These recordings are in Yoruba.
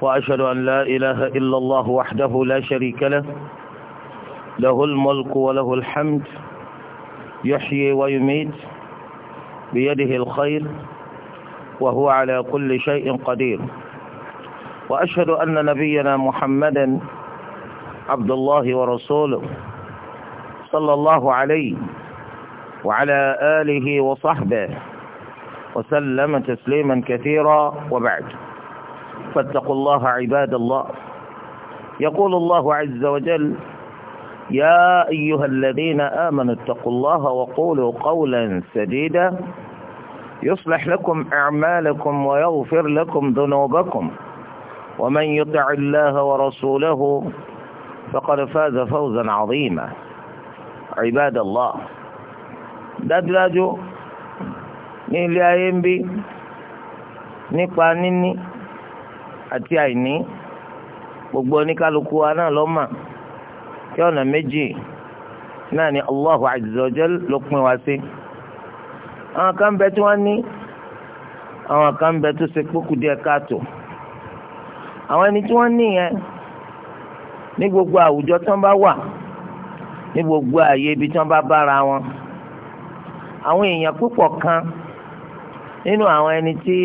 وأشهد أن لا إله إلا الله وحده لا شريك له له الملك وله الحمد يحيي ويميت بيده الخير وهو على كل شيء قدير وأشهد أن نبينا محمدا عبد الله ورسوله صلى الله عليه وعلى آله وصحبه وسلم تسليما كثيرا وبعد فاتقوا الله عباد الله يقول الله عز وجل يا أيها الذين آمنوا اتقوا الله وقولوا قولا سديدا يصلح لكم أعمالكم ويغفر لكم ذنوبكم ومن يطع الله ورسوله فقد فاز فوزا عظيما عباد الله دادلاجو ní ilé ayé ń àti àìní gbogbo oníkálukú wa náà ló mà kí ọ̀nà méjì náà ni Allahu azza jal ló pín wa sí. àwọn kan bẹ tí wọ́n ní àwọn kan bẹ tó ṣe kókù díẹ̀ káàtó àwọn ẹni tí wọ́n ní yẹn ní gbogbo àwùjọ tí wọ́n bá wà ní gbogbo ààyè ibi tí wọ́n bá bára wọn àwọn èèyàn púpọ̀ kan nínú àwọn ẹni tí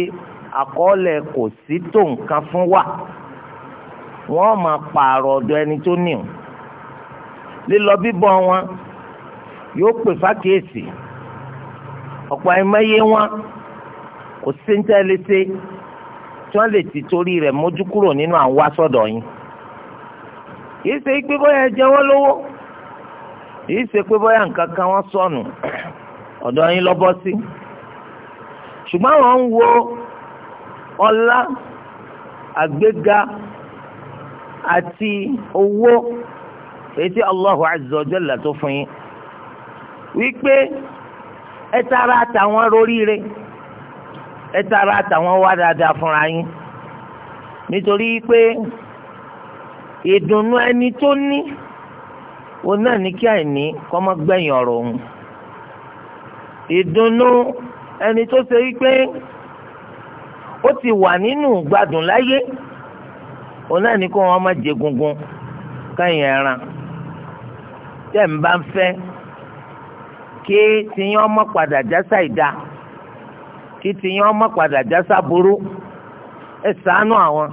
àkọọ́lẹ̀ kò sí tó nǹkan fún wa wọ́n máa pààrọ̀ ọ̀dọ̀ ẹni tó ní o lílọ bíbọ̀ wọn yóò pè fákèésì ọ̀pọ̀ ẹ̀mẹ́yẹ wọn kò sí ń tẹ́lẹ̀ ṣe tí wọ́n lè ti torí rẹ̀ mójú kúrò nínú àwọn aṣọ́dọ̀ yín kìí ṣe pé bóyá jẹ wọ́n lówó kìí ṣe pé bóyá nǹkan kan wọ́n sọnù ọ̀dọ̀ yín lọ́bọ́ sí ṣùgbọ́n wọ́n ń wo ọlá àgbéga àti owó èyí tí Allahu azza wa jalla tó fún yín wípé ẹ tara àtàwọn roríire ẹ tara àtàwọn wá dáadáa fúnra yín nítorí pé ìdùnnú ẹni tó ní òun náà ní kí àìní kọ́ mọ́ gbẹ̀yìn ọ̀rọ̀ òun ìdùnnú ẹni tó ṣe wípé. ó ti wà nínú gbadun láyé òun náà ní kó wọn má jẹ gungun káyìn ẹran tẹ́ ń bá fẹ fẹ́ kí tiyín ọmọ padà jásá ìdá kí tiyín ọmọ padà jásá burú ẹ ṣàánú àwọn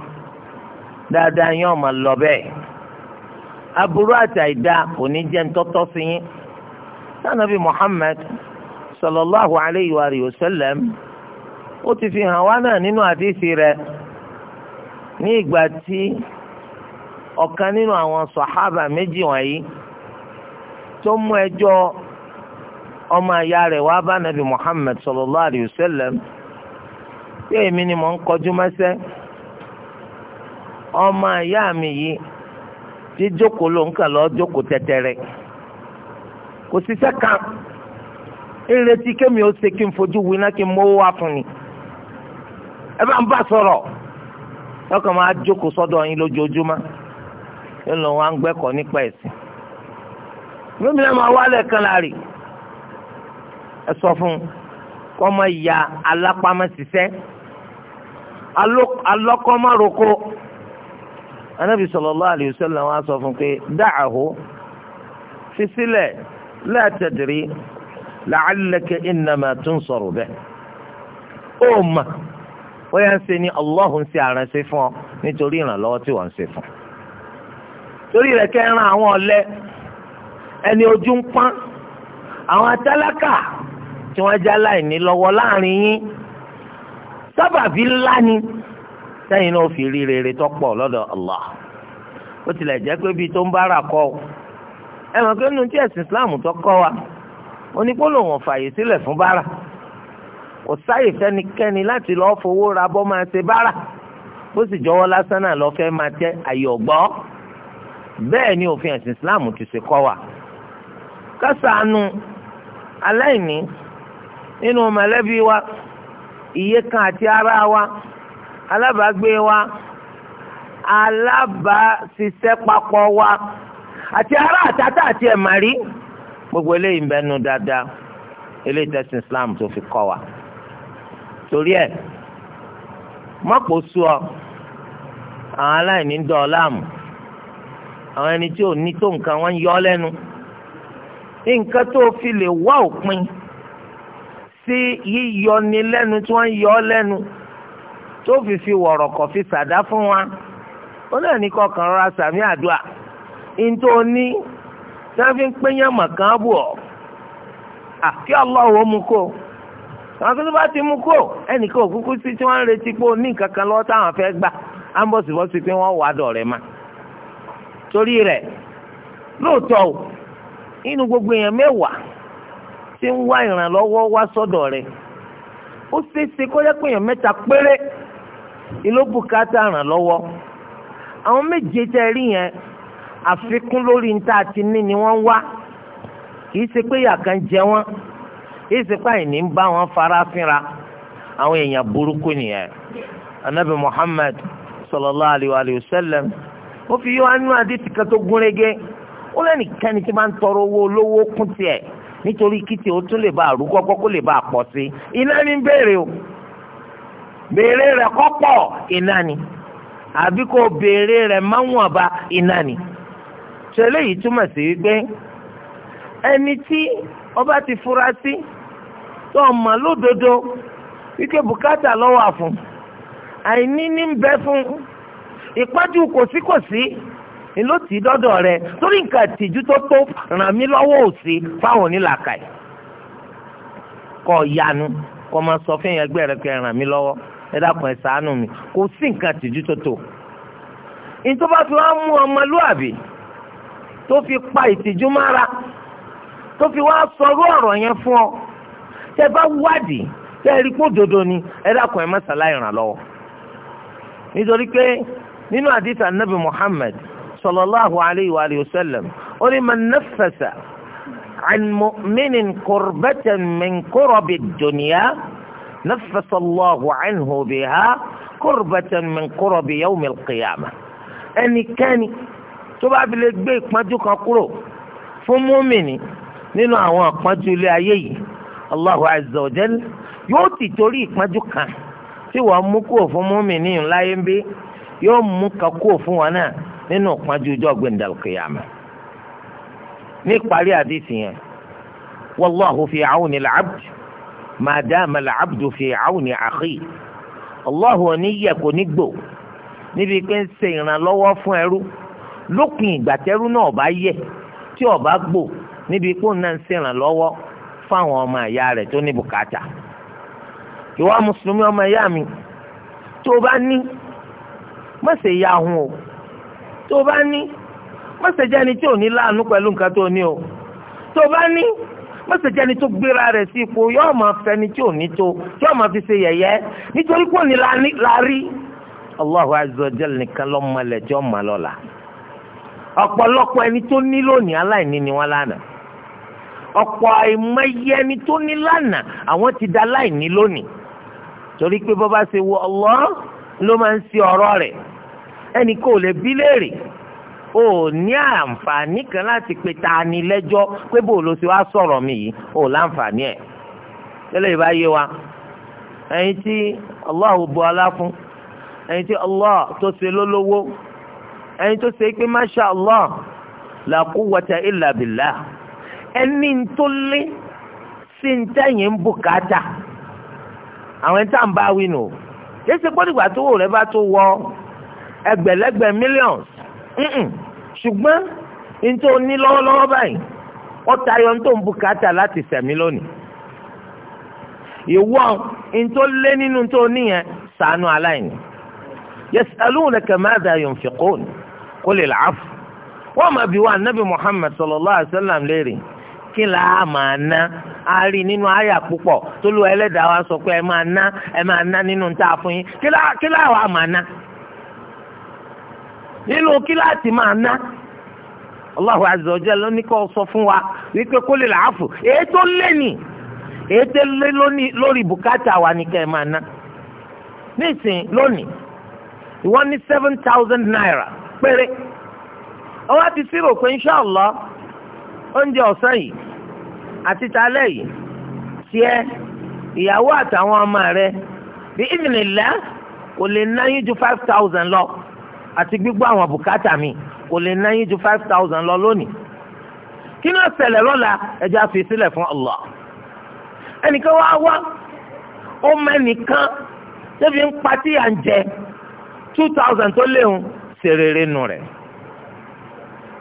dáadáa yín ọmọ lọ bẹ́ẹ̀ aburú àti àìdá kò ní jẹ́ ńtọ́tọ́ sí yín sanabi Muhammad sallallahu alayhi wa sallam. ó ti fi hàn wá náà nínú àdìsí rẹ̀ ní ìgbà tí ọ̀kan nínú àwọn sọ̀hábà méjì wọ̀nyí tó mú ẹjọ́ ọmọ àyà rẹ̀ wá bá nàbì sallallahu alayhi wa èmi ni mò ń kọjú mẹ́sẹ́ ọmọ mi yìí ti jókòó ló ń kà lọ jókòó tẹ́tẹ́rẹ́ kò sí sẹ́kàn ń retí kémi ó ṣe kí n fojú winá kí n mówó wá fún ni. ẹ bá ń bá sọ̀rọ̀ lọ́kàn máa jókòó sọ́dọ̀ yín lójoojúmọ́ yóò lọ wá ń gbẹ́kọ̀ọ́ nípa ẹ̀sìn gómìnà máa wálẹ̀ kan láàrin ẹ sọ fún un kọ́ mọ ìyá alọ́kọ́mọ́roko sọ fún pé da'ahu fi sílẹ̀ la tadri la'allaka innama soro bih bóyá ń ṣe ni Allah ń ṣe àránṣe fún ọ nítorí ìrànlọ́wọ́ tí wọ́n ń ṣe fún. torí rẹ̀ kẹ́ ran àwọn ọ̀lẹ ẹni ojú ń pọ́n àwọn atálákà tí wọ́n já láìní lọ́wọ́ láàrin yín sábàbí ńlá ni sẹ́yìn náà fi rí rere tó pọ̀ lọ́dọ̀ Allah ó tilẹ̀ jẹ́ pé bíi tó ń bára kọ́ ọ ẹ pé nínú tí ẹ̀sìn Islam tó kọ́ wa onípolówó fàyè sílẹ̀ fún bára. kò sáyè fẹ́nikẹ́ni láti lọ́ọ́ fowó ra bọ́ máa ṣe bára bó sì jọwọ́ lásán náà lọ́ọ́ fẹ́ máa tẹ́ àyọ̀gbọ́ bẹ́ẹ̀ ni òfin ẹ̀sìn Islam ti ṣe kọ́ wa kásánù aláìní nínú mọ̀lẹ́bí wa kan àti ara wa alábàágbé wa alábàáṣiṣẹ́ papọ̀ wa àti ará àtàtà àti ẹ̀màrí gbogbo eléyìí ń bẹnu dáadáa eléyìí tẹ̀sìn Islam tó fi kọ́ wa. torí ẹ̀ mọ́pò sú ọ àwọn aláìní ń dọ̀ ọ́ láàmú àwọn ẹni tí ò ní tó nǹkan wọ́n yọ lẹ́nu nǹkan tó fi lè wá òpin sí yíyọni tí wọ́n yọ lẹ́nu tó fi fi wọ̀rọ̀kọ̀ fi sàdá fún wa ó náà ní kọkàn rọra sàmì àdúrà nítorí ní tí ń pín kan bù ọ́ àti kó àwọn akẹ́kọ̀ọ́ bá ti mú kó ẹnìkan òkúkú sí tí wọ́n ń retí pé ó ní nǹkan kan lọ́wọ́ táwọn fẹ́ gbà á ń bọ̀ sí bọ́sí pé wọ́n wà á dọ̀ rẹ̀ ma torí rẹ lóòótọ́ inú gbogbo èèyàn mẹ́wàá tí ń wá ìrànlọ́wọ́ wá sọ́dọ̀ rẹ̀ ó ṣeéṣe kó jẹ́ pé èèyàn mẹ́ta péré ìlóbùkátà ìrànlọ́wọ́ àwọn méje tẹ́ rí yẹn àfikún lórí níta àti ní ni wọ́n wá kì í ṣe pé ìyà kan jẹ wọn. ìsìnká ìní ń bá wọn fara fínra àwọn èèyàn burúkú nìyẹn anabi muhammed sallallahu alayhi wa sallam ó fi yọ anú àdìsí kan tó gúnrégé ó lẹ́nu kẹ́ni tí máa ń tọrọ owó olówó kún tiẹ̀ nítorí kìtì ó tún lè bá àrúgbọ́gbọ́ kó lè bá a pọ̀ sí iná ní béèrè o béèrè rẹ̀ kọ́pọ̀ iná ni àbí kò béèrè rẹ̀ máwọ̀nba iná ni tẹ́lẹ̀ yìí túmọ̀ sí wípé ẹni tí ọba ti fura sí. Si, tó ọmọ lódodo wíkẹ́ bùkátà lọ́wọ́ àfún àìní ní ń bẹ fún ìpájú kòsíkòsí ni ló ti dọ́dọ̀ rẹ torí nǹkan ìtìjú tó tó ràn mí lọ́wọ́ òsì fáwọn onílàkàì kọ́ yanu kọ́ máa sọ fún ẹgbẹ́ rẹ pé ràn mí lọ́wọ́ ẹ dákun ẹ ṣàánú mi kò sí nǹkan ìtìjú tó tó ìtọ́ba fi wá mú ọmọlúàbí tó fi pa ìtìjú mára tó fi wá sọrú ọ̀rọ̀ yẹn fún ọ tẹ́ bá wádìí tẹ́ rí pé òdodo ni ẹ dákun ẹ má ṣàlàyé ràn lọ́wọ́ nítorí pé nínú àdìsá nabi muhammad sallallahu alayhi wa sallam ó ní man nafasa an mu'minin kurbatan min kurabi dunya nafasa allahu anhu biha kurbatan min kurabi yawmi ẹnikẹ́ni tó bá fi gbé ìpọ́njú kan kúrò fún mùmìnì nínú àwọn ìpọ́njú ilé ayé yìí Allahu azza wa jal yóò ti torí ìpọ́njú kan tí wọ́n mú kúrò fún mùmínì láyé ń bí yóò mú kan kúrò fún wọn náà nínú ìpọ́njú ọjọ́ gbẹ̀ndàlù kìyàmà ní ìparí àdìsí yẹn wallahu fi auni al-abd ma dama al-abdu fi auni akhi Allahu oníyẹ kò ní gbò níbi pé ń ṣe ìrànlọ́wọ́ fún ẹrú lópin ìgbà tẹ́rú náà bá yẹ tí ó gbò níbi pé òun náà ń ṣèrànlọ́wọ́ fáwọn ọmọ ìyá rẹ̀ tó ní bùkátà ìwà mùsùlùmí ọmọ ìyá mi tó bá ní má ṣe ya ohun o tó bá ní má ṣe jẹ́ni tí ò ní láàánú pẹ̀lú nǹkan tó ní o tó bá ní má ṣe jẹ́ni tó gbéra rẹ̀ sí ipò yóò máa fẹ́ni tí ò ní tó yóò máa fi ṣe yẹ̀yẹ́ nítorí pé la rí Allahu nìkan lọ́mọlẹ̀ tí ó lọ́la ọ̀pọ̀lọpọ̀ ẹni tó ní lónìí aláìní ni wọ́n ọ̀pọ̀ àìmọye ẹni tó ní lánàá àwọn ti da láìní lónìí torí pé bọ́ba ṣe wọ Allah ló máa ń ṣe ọ̀rọ̀ rẹ̀ ẹnì kò lè bí léèrè o ní àǹfààní kan láti pe ta ni lẹ́jọ́ pé bò ló ṣe wá sọ̀rọ̀ mi yìí o láǹfààní ẹ̀ tẹ́lẹ̀ ìbá yé wa ẹni tí Allah bu ọlá fún ẹni tí Allah tó ṣe lólówó ẹni tó ṣe pé masha Allah la quwwata illa billah. ẹni tó lé sí ń tẹ̀yìn ń bùkátà àwọn ẹ̀ńtà ń bá wí nù yéésì pọ́nìgbà tó wò rẹ̀ bá tó wọ ẹgbẹ̀lẹ́gbẹ̀ millions ṣùgbọ́n ní tó ní lọ́wọ́lọ́wọ́ báyìí ó tayọ ní tó ń bùkátà láti sẹ̀mí lónìí ìwọ ní tó lé nínú tó níyẹn ṣàánú aláìní wọ́n bi wá anabi muhammad sallallahu alayhi wa sallam kí là á máa ná a rí nínú àyà púpọ̀ tó lu ẹlẹ́dàá wa sọ pé ẹ máa ná ẹ máa ná nínú tá a fún yín kí là wà máa ná nínú kí láti máa ná Allahu azza wa jalla sọ fún wa wípé kó lè làáfù èyí tó lé nì lórí bùkátà wa ní kẹ́ ẹ máa ná nísìnyí lónìí ní seven thousand naira péré ọwọ́ ti sírò pé inṣàlá oúnjẹ ọ̀sán yìí àti talẹ́ yìí tiẹ̀ ìyàwó àtàwọn ọmọ rẹ bí ìdìnnìlẹ́ kò lè náyín ju five thousand lọ àti gbígbọ́ àwọn bùkátà mi kò lè náyín ju five thousand lọ lónìí kí ló ṣẹlẹ̀ lọ́la ẹja fi sílẹ̀ fún Allah ẹnìkan wá wá ó mẹ́nìkan débi ń patí à ń jẹ two thousand tó léwu ṣèrèrè nù rẹ̀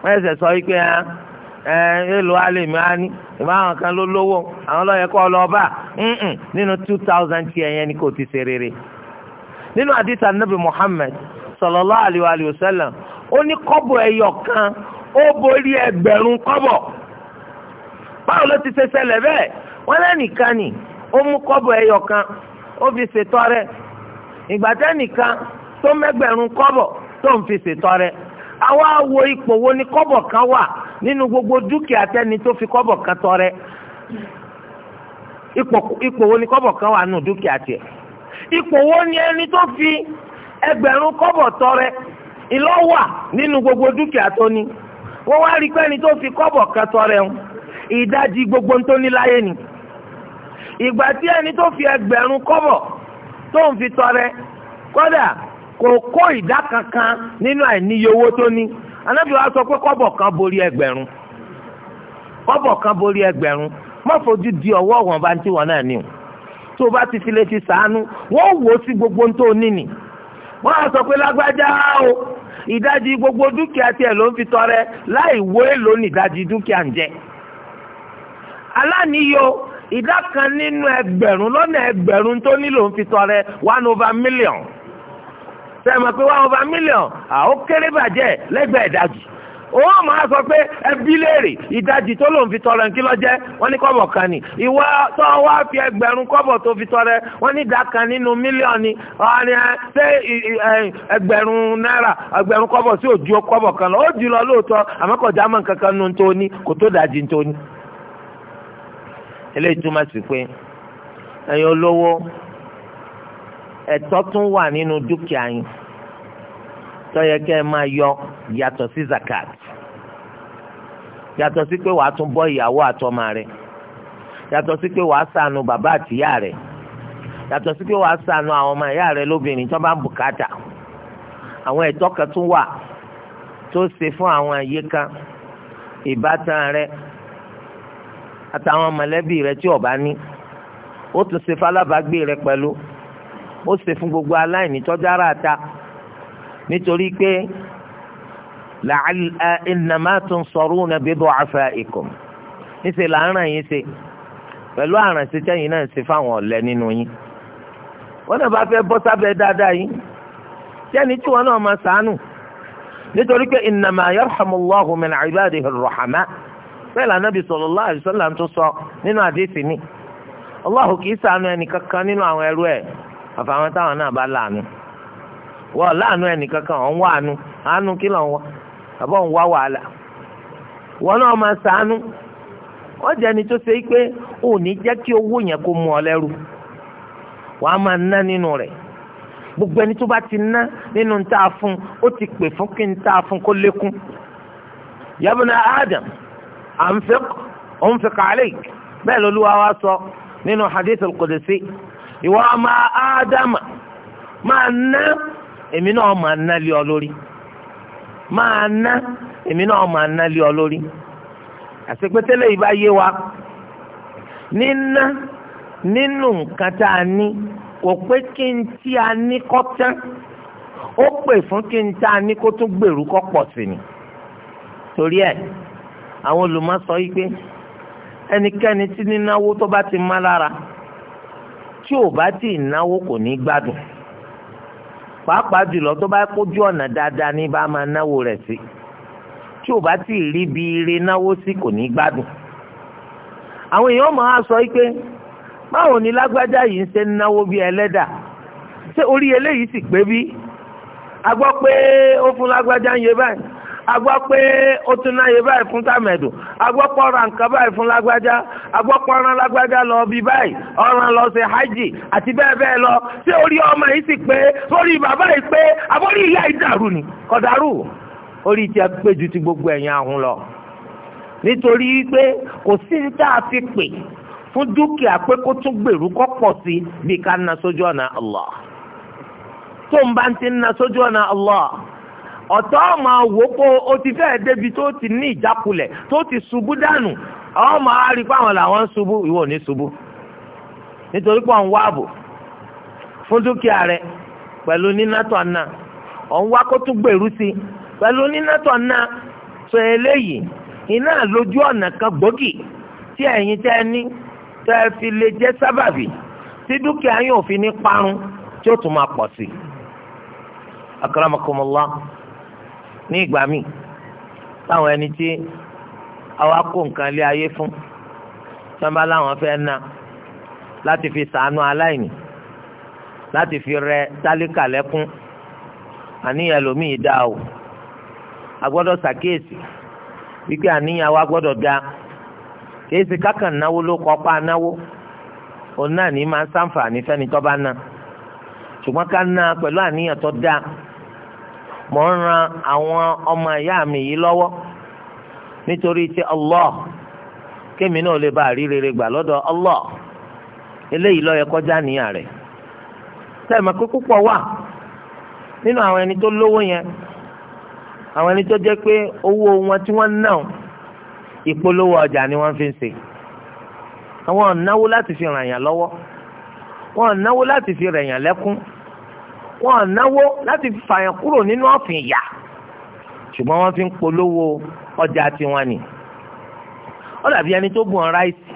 wọ́n ẹsẹ̀ sọ wípé ẹ́ ah, èlò alèmí á ní kan ló lówó àwọn ló yẹ lọ bá nínú two thousand tiẹ̀ yẹn ni kò ti ṣe rere. nínú àdìsá nàbì Muhammad sọlọlọ aliyu wa sallam ó ní kọ́bọ̀ ẹyọ kan ó borí ẹgbẹ̀rún kọ́bọ̀ báwo ti ṣe ṣẹlẹ̀ bẹ́ẹ̀ wọ́n lẹ́nìkan ni ó mú kan ó fi tó mẹ́gbẹ̀rún kọ́bọ̀ tó ń fi ipò wo ni kọ́bọ̀ kan wà nínú gbogbo dúkìá tẹ́ni tó fi kọ́bọ̀ kan tọrẹ ipò wo ni kọ́bọ̀ kan wà nù dúkìá tiẹ̀ ipò wo ni ẹni tó fi ẹgbẹ̀rún kọ́bọ̀ tọrẹ ìlọ́wà nínú gbogbo dúkìá tó ní wọ́n wá rí pẹ́ni tó fi kọ́bọ̀ kan tọrẹ ń ìdajì gbogbo tó ní láyé ni ìgbà tí ẹni tó fi ẹgbẹ̀rún kọ́bọ̀ tó ń fi tọrẹ kódà kò kó ìdá kankan nínú àìníye owó tó ní anábì wa sọ pé kọ́bọ̀ kan borí ẹgbẹ̀rún kọ́bọ̀ kan borí ẹgbẹ̀rún má fojú di ọwọ́ ọ̀wọ́n bá ń tí wọn náà ní o tó o bá ti fi lè ti sàánú wọ́n wò ó sí gbogbo ń tó o níní wọ́n á sọ pé lágbájá o ìdajì gbogbo dúkìá tiẹ̀ ló ń fi tọrẹ láì wó èlò ní ìdajì dúkìá ń jẹ aláníyó ìdá kan nínú ẹgbẹ̀rún lọ́nà ẹgbẹ̀rún tó nílò ń fi tọrẹ one over million sẹ́mi pé one over million àwọn kéré bàjẹ́ lẹ́gbẹ̀ẹ́ ìdajì ó máa sọ pé ẹbí léèrè ìdajì tó lòun fi tọrẹ kí ló jẹ́ wọ́n ní kọ́bọ̀ kan ni ìwọ tó wá fi ẹgbẹ̀rún kọ́bọ̀ tó fi tọrẹ wọ́n ní ìdá kan nínú mílíọ̀nù ọ̀rẹ́ ṣé ẹgbẹ̀rún náírà ẹgbẹ̀rún kọ́bọ̀ sí òjú kọ́bọ̀ kan lọ ó jù lọ lóòótọ́ àmọ́ kò já mọ́ nǹkan kan nu tó ní kò tó dájì tó ní. eléyìí túmọ̀ sí pé ẹ̀yin olówó ẹ̀tọ́ tún wà nínú dúkìá yín tó yẹ kẹ́ ẹ máa yọ yàtọ̀ sí zakat yàtọ̀ sí pé wàá tún bọ́ ìyàwó àtọmọ rẹ̀ yàtọ̀ sí pé wàá ṣàánú bàbá àtìyá rẹ̀ yàtọ̀ sí pé wàá ṣàánú àwọn ọmọ ìyá rẹ̀ lóbìnrin tó bá ń bùkátà àwọn ẹ̀tọ́ kan tún wà tó ṣe fún àwọn àyíká ìbátan rẹ̀ àtàwọn mọ̀lẹ́bí rẹ̀ tí o ní ó tún ṣe fún alábàágbé pẹ̀lú ó ṣe fún gbogbo aláìní tọ́jára ta nítorí pé làálà ìnàmá tún sọ̀rọ̀ náà bíbọ afa ikùn níṣẹ́ là ń ràn yín ṣe pẹ̀lú àrànṣe tẹ̀yìn náà ṣe fáwọn ọ̀lẹ nínú yín wọ́n náà bá fẹ́ bọ́ sábẹ́ dáadáa yín jẹ́ni tí wọ́n náà máa sànù nítorí pé ìnàmá yarhamullahu min ibadihi rahama bẹ́ẹ̀ lànàbì sallallahu alaihi wasallam tó sọ nínú àdéhìsì ni Allahu kì í sànù ẹnì kankan nínú àwọn ẹrú ẹ̀ àfàwọn táwọn náà bá láàánú. wọ́n láàánú ẹnìkankan ọ̀hún wà ánú àánú kí lọ́n wá àbọ̀ ń wá wàhálà wọ́n náà máa sàánú wọ́n jẹ́ ẹni tó ṣe é pé ò ní jẹ́ kí owó yẹn kó mú ọ lẹ́rù wàá máa ná nínú rẹ̀ gbogbo ẹni tó bá ti ná nínú ń tá a fún ó ti pè fún kí ń tá a fún kó lékún yabuna adam anfiq nfe alayk bẹ́ẹ̀ lolúwa wa sọ nínú hadith al-qudsi ìwà adam máa ná. èmi náà máa ná lé ọ lórí máa ná èmi náà máa ná lé ọ lórí àsepẹ́tẹ́lẹ̀ yìí bá yé wa níná nínú nǹkan tá a ní kò pé kí n tí a ní kọ́ tán ó pè fún kí n tá a ní kó tún gbèrú kọ́ pọ̀ sí ni torí ẹ̀ àwọn olùmọ̀ sọ yìí pé ẹnikẹ́ni tí nínáwó tó bá ti má lára tí ò bá ti náwó kò ní gbádùn pàápàá jùlọ tó bá kójú ọ̀nà dáadáa ní bá máa náwó rẹ̀ sí tí ò bá tí rí bí ire náwó sí kò ní gbádùn àwọn èèyàn máa sọ pé báwo ni lágbájá yìí ń ṣe ń náwó bí ẹlẹ́dà ṣé orí eléyìí sì pé bí a gbọ́ pé ó fún lágbájá ń yẹ báyìí a gbọ́ pé ó tún náyè báyìí fún tàmẹ̀dù a gbọ́ pé nǹkan báyìí fún lágbájá a gbọ́ pé lágbájá lọ bí báyìí ọ̀ràn lọ ṣe hajj àti bẹ́ẹ̀ bẹ́ẹ̀ lọ ṣé orí ọmọ yìí sì pé orí bàbá yìí pé àbórí ìyá yìí dàrú ni kọ̀dàrú orí ti pé ti gbogbo ẹ̀yìn ahun lọ nítorí pé kò sí ní tá a fi pè fún dúkìá pé kó ọ̀tọ́ máa wò o ti fẹ́ débi tó ti ní ìjákulẹ̀ tó ti ṣubú dànù àwọn máa rí i pé àwọn làwọn ń ṣubú ìwọ ní ṣubú nítorí pé òun wá ààbò fún dúkìá rẹ pẹ̀lú nínátọ̀ náà òun wá kó tún gbèrú sí pẹ̀lú nínátọ̀ náà sọ eléyìí iná lójú ọ̀nà kan gbòógì tí ẹ̀yin tẹ́ ní tẹ́ fi lè jẹ́ sábàbí tí dúkìá yóò fi ní parun tí ó tún máa pọ̀ sí i. akramakumullah. ní ìgbà míì táwọn ẹni tí àwa kó nǹkan lé ayé fún sábà láwọn fẹ́ ná láti fi ṣàánú aláìní láti fi rẹ tálíkà lẹ́kún àníyàn lòmíì dá o a gbọ́dọ̀ si, wípé àníyàn wa gbọ́dọ̀ dá Kéésì kákan náwó ló kọ́ pa náwó òun náà ní máa ń ṣàǹfààní fẹ́ni tó bá ná ṣùgbọ́n ká ná pẹ̀lú àníyàn tó mò ń ran àwọn ọmọ ìyá mi yìí lọ́wọ́ nítorí ti Allah kémi náà lè bá a rí rere gbà lọ́dọ̀ Allah eléyìí ló yẹ kọjá níyà rẹ̀ sẹ́ẹ̀mọ̀ pé púpọ̀ wà nínú àwọn ẹni tó lówó yẹn àwọn ẹni tó jẹ́ pé owó wọn tí wọ́n ná ìpolówó ọjà ni wọ́n fi ń ṣe àwọn ò náwó láti fi ràn yàn lọ́wọ́ wọn ò náwó láti fi ràn yàn lẹ́kún wọn náwó láti fàyàn kúrò nínú ọ̀fìn ìyà ṣùgbọ́n wọ́n fi ń polówó ọjà tiwọn ni ó dàbí ẹni tó bùn ráìsì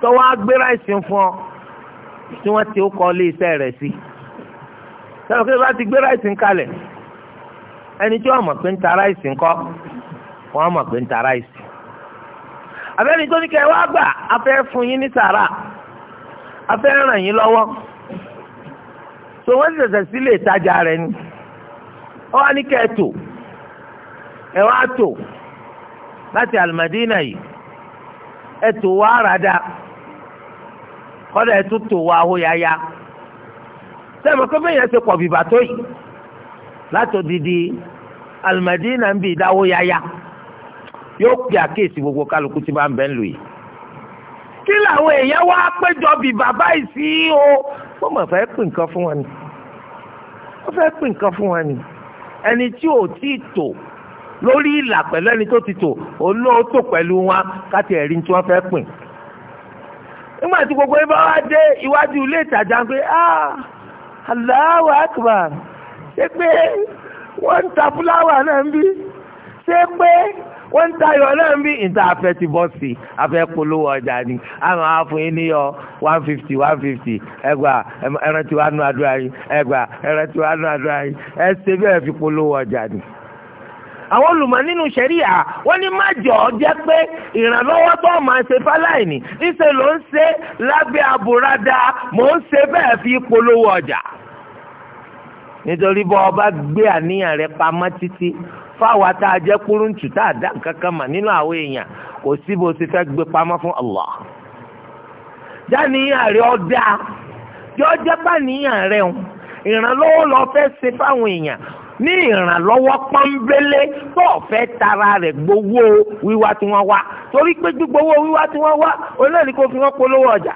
tó wá gbé ráìsì fún ọ tí wọ́n ti kọ́ ilé iṣẹ́ rẹ̀ sí sọ̀rọ̀ kí ló bá ti gbé ráìsì ń kalẹ̀ ẹni tí wọ́n mọ̀ pé ń ta ráìsì ńkọ́ wọ́n mọ̀ pé ń ta ráìsì abẹ́ni tó ní kẹ́ wá gbà afẹ́ fún yín ní sàrà afẹ́ ràn yín lọ́wọ́ so wọ́n ṣẹ̀ṣẹ̀ sílé ìtajà rẹ̀ ni ó wá ní kẹ́ẹ̀tò ẹ wá tò láti alimadina yìí ẹ tò wá rada kọ́dà ẹ tún tò wá ahóyáyá sẹ́mi kó bẹ́ẹ̀ yẹn ṣe pọ̀ bìbà tó yìí láti odidi alimadina ń bi ìdáwó yáyá yóò pè àkéèsí gbogbo kálukú tí bá ń bẹ́ lò yìí kí làwọn èèyàn wá péjọ bí bàbá sí o wọ́n mọ̀ fẹ́ pín nǹkan fún wọn ni wọ́n fẹ́ pín nǹkan fún wọn ni ẹni tí ò tí ì tò lórí ìlà pẹ̀lú ẹni tó ti tò olóòótọ́ pẹ̀lú wa káti ẹ̀rí tí wọ́n fẹ́ pín nígbà tí gbogbo ẹ bá wá dé iwájú ilé ìtajà pé ah, Allahu Akbar ṣé pé wọ́n ń ta fúláwà náà ń bí ṣé pé wọ́n ń tayọ̀ náà bí ìta afẹ́ ti bọ́ sí i afẹ́ polówó ọjà ni àwọn afún yín níyọ one fifty one fifty ẹgbà ẹran tí wàá nù àdúrà yín ẹgbà ẹran tí wàá nù àdúrà yín ẹ ṣe bẹ́ẹ̀ fi polówó ọjà ni àwọn olùmọ̀ nínú ṣẹ̀ríà wọ́n ní má jọ ọ́ jẹ́ pé ìrànlọ́wọ́ tó máa ṣe fáláìní ìṣe ló ń ṣe lábẹ́ àbúradà mò ń ṣe bẹ́ẹ̀ fi polówó ọjà. nítorí bọ́ ọba gbé àníyàn rẹ fáwa tá a jẹ́ kúrúǹtù tá a dá nǹkan kan mà nínú àwọn èèyàn kò sí bó ti fẹ́ gbé pamọ́ fún Allah jáde àrẹ ọ̀dà yọ jẹ́ bá níyàn rẹ̀ o ìrànlọ́wọ́ lọ fẹ́ ṣe fáwọn èèyàn ní ìrànlọ́wọ́ pọ́nbélé tó fẹ́ tara rẹ̀ gbowó wíwá tí wọ́n wá torí pé gbígbowó wíwá tí wọ́n wá olóòní kò fi wọ́n polówó ọjà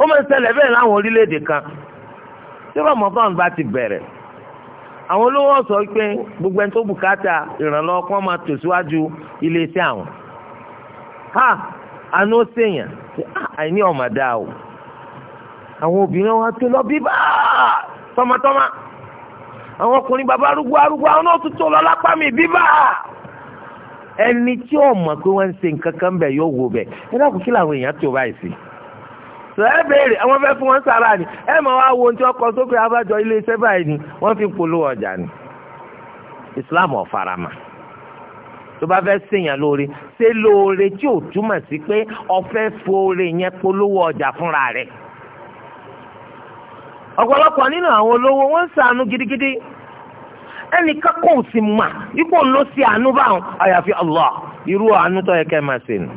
ó máa ń ṣẹlẹ̀ bẹ́ẹ̀ láwọn orílẹ̀-èdè kan tí Ramadan bá ti bẹ̀rẹ̀ àwọn olówó sọ pé gbogbo ẹni tó bùkátà ìrànlọ́wọ́ kọ́ máa tò síwájú iléeṣẹ́ àwọn ha àánú sèèyàn ah, àìní ọ̀màdá o àwọn obìnrin wa tó lọ bí bá tọmọtọmọ àwọn ọkùnrin bàbá arúgbó arúgbó àwọn náà tún tó lọ lápá mi bí bá ẹni tí ó mọ̀ pé wọ́n ń ṣe nǹkan kan bẹ̀ yóò wò bẹ̀ ẹ dákun kí làwọn èèyàn tó báyìí sí sọ ẹ béèrè àwọn fẹ́ fún wọn sára ni ẹ mọ̀ wá wo tí ọkọ̀ sókè abájọ ilé iṣẹ́ báyìí ni wọ́n fi polówó ọjà ni Islam ọ̀farama tó bá fẹ́ ṣèyàn lóore ṣé lóore tí ò túmọ̀ sí pé ọ̀fẹ́ foore yẹn polówó ọjà fúnra rẹ̀ ọ̀pọ̀lọpọ̀ nínú àwọn olówó wọ́n ń ṣàánú gidigidi ẹnìkan kò sì mà ipò ló ṣe àánú báwọn àyàfi Allah irú àánú tó yẹ kẹ́ máa ṣe nù.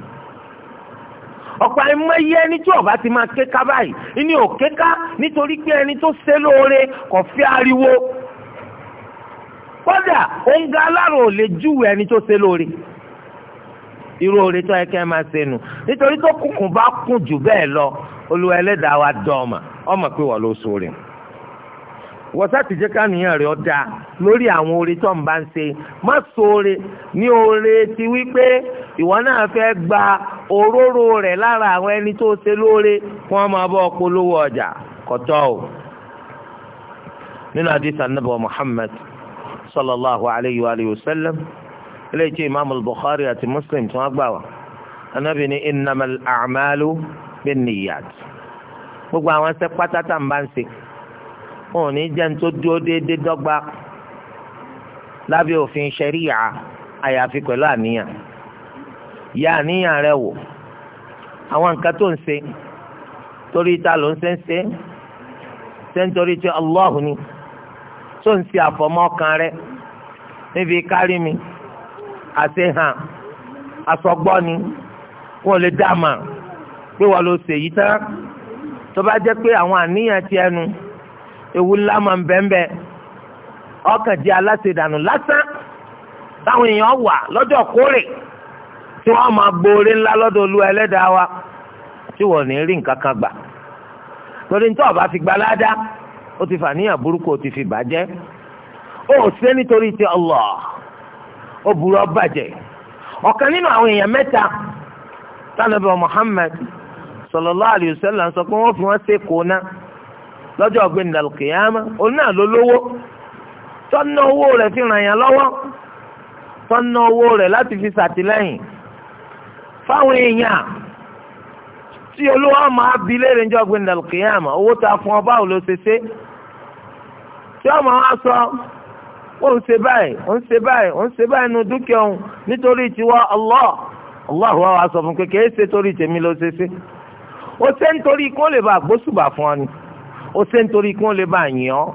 ọ̀pọ̀ àìmọye ẹni tí ọba ti máa kéka báyìí ìní ò n'itori nítorí pé ẹni tó ṣe lóore kò fi ariwo kódà òǹga ga ò lè júwèé ẹni tó ṣe lóore irú oore tó yẹ ma senu, máa ṣe nù nítorí tó kùnkùn bá kùn jù bẹ́ẹ̀ lọ olúwa ẹlẹ́dàá wa dán ọmọ ọmọ pé wọ́n ló sóore. wọ́n sá ti jẹ́ káníyàn rẹ̀ ọ̀dà lórí àwọn oore tó ń bá ń ṣe má ṣoore ní oore ti wípé ìwọ náà fẹ́ gba òróró rẹ̀ lára àwọn ẹni tó ṣe lóore kí wọ́n máa bọ́ ọjà kọ̀tọ́ o. nínú àdìsí anábọ̀ Muhammad sallallahu alayhi wa sallam ilé imaamu Bukhari àti Muslim tí wọ́n gbà wá anábì ní innamal a'malu bin niyyat gbogbo àwọn ṣe pátá tá à bá ń ṣe wọn ò ní jẹ́ ní tó dúró déédéé dọ́gba lábẹ́ òfin ṣẹ̀ríyà àyàfi pẹ̀lú àníyàn ya àníyàn rẹ wò àwọn nǹkan tó ń ṣe torí ta ló ń ṣe ń ṣe ṣe ń torí ti Allah ni tó ń ṣe àfọmọ́kan rẹ níbi kárí mi àṣehàn àsọgbọ́ ni wọn ò lè dá a mà pé wọn ló ṣèyí tán tó bá jẹ́ pé àwọn àníyàn ti ẹnu. ewu ńlá máa ń bẹ́ńbẹ́ ọkàn di danu lásán táwọn èèyàn wà lọ́jọ́ kórè tí wọ́n máa gbóore ńlá lọ́dọ̀ olúwa ẹlẹ́dàá wa tí wọ́n ní rí nǹkan kan gbà torí nítorí ọba fi gbalada ó ti fàníyàn burúkú ó ti fi bàjẹ́ ó ṣe nítorí ti Allah ó burú ó ọ̀kan nínú àwọn èèyàn mẹ́ta sọ pé wọ́n fi wọ́n lọ́jọ́ ọ̀gbìn nàlùkìyàmá òun náà ló lówó tọ́nà owó rẹ̀ fi ràn yàn lọ́wọ́ tọ́nà owó rẹ̀ láti fi ṣàtìlẹ́yìn fáwọn èèyàn tí olówó máa bi léèrè ń jọ́gbìn nàlùkìyàmá owó tá a fún ọ báwo ló tí ọmọ wa sọ ó ń ṣe báyìí ó ń ṣe báyìí ó ń ṣe báyìí nu dúkìá òun nítorí tiwa Allah Allah wa wá sọ fún kékeré ṣe torí tèmi ló ṣe ṣe ó ṣe ń torí kó lè bá àgbóṣùbà fún ọ ni ó ṣe nítorí kí wọ́n lè bá yìn ọ́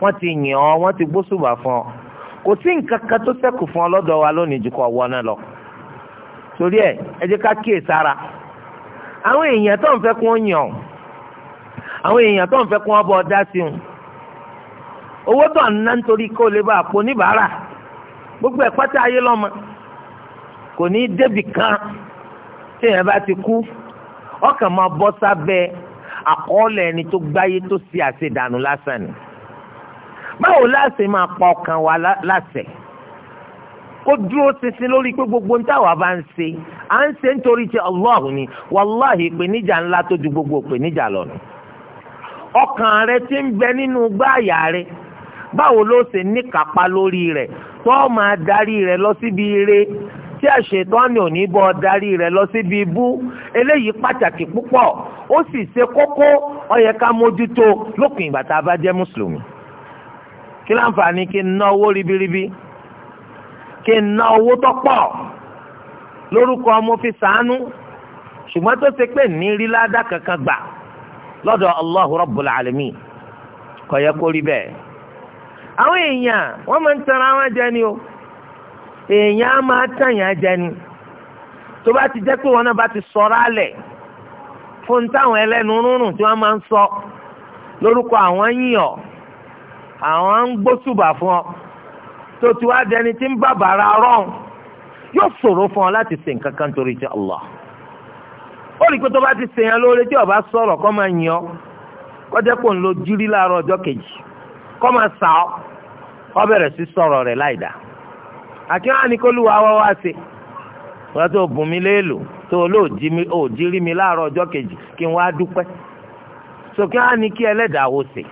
wọ́n ti yìn ọ́ wọ́n ti gbósùbà fún ọ kò sí nǹkan kan tó ṣẹ́kù fún ọ lọ́dọ̀ wa lónìí ju kọ́ wọ́n náà lọ torí ẹ ẹ jẹ́ ká kíyè sára àwọn èèyàn tó ń fẹ́ kún yàn àwọn èèyàn tó ń fẹ́ kún ọ bọ́ dá sí wọn owó tó ń nítorí kó lè bá àpò oníbàárà gbogbo ẹ̀ pátá ayé lọ́mọ kò ní débì kan tí èèyàn bá ti kú ọkàn máa bọ́ sábẹ́ àkọọ́lẹ̀ ẹni tó gbáyé tó ṣe àṣedànù lásán ni báwo láṣẹ máa pa ọkàn wa láṣẹ kó dúró ṣinṣin lórí pé gbogbo ntáwa bá ń ṣe à ń ṣe nítorí ti Allah ni wàláhì ìpèníjà ńlá tó ju gbogbo ìpèníjà lọ nù ọkàn rẹ ti ń bẹ nínú gbáàyà rẹ báwo ló ṣe níkàpá lórí rẹ tó máa darí rẹ lọ síbi ire tí àṣetọ́ni ò ní bọ́ darí rẹ̀ lọ síbi ibú eléyìí pàtàkì púpọ̀ ó sì ṣe kókó ó yẹ ká mójútó lópin ìgbà tá a bá jẹ́ mùsùlùmí. kí láǹfààní kí n ná ribiribi kí n ná owó tó lórúkọ mo fi saanu ṣùgbọ́n tó ṣe pé ní rí ládà kankan gbà lọdọ Allahu Rabbul Alamin kò yẹ kó rí bẹ́ẹ̀. àwọn èèyàn wọ́n máa ń wọn jẹ ni o. èèyàn á máa tàyàn jẹni tó bá ti jẹ́ pé wọn náà bá ti sọ̀rọ̀ alẹ̀ fún táwọn ẹlẹ́nu rúnrún tí wọ́n máa ń sọ lórúkọ àwọn yíyàn àwọn ń gbósùbà fún ọ tó ti wá jẹni tí ń bàbàrà rọ́ọ̀n yóò ṣòro fún ọ láti ṣe torí ti Allah ó rí i pé tó bá ti ṣe yẹn lóore tí ọba sọ̀rọ̀ kọ́ máa yàn ọ́ jírí láàárọ̀ ọjọ́ kejì kọ́ máa sà ọ bẹ̀rẹ̀ sí sọ̀rọ̀ rẹ̀ láìdáa àkíwá ni kó lùwà wá wá sí wọ́n tó bùn mí léèlò tó olóòjì mi òòjì rí mi láàárọ̀ ọjọ́ kejì kí n wá dúpẹ́ sókè á ní kí ẹlẹ́dàá wò sí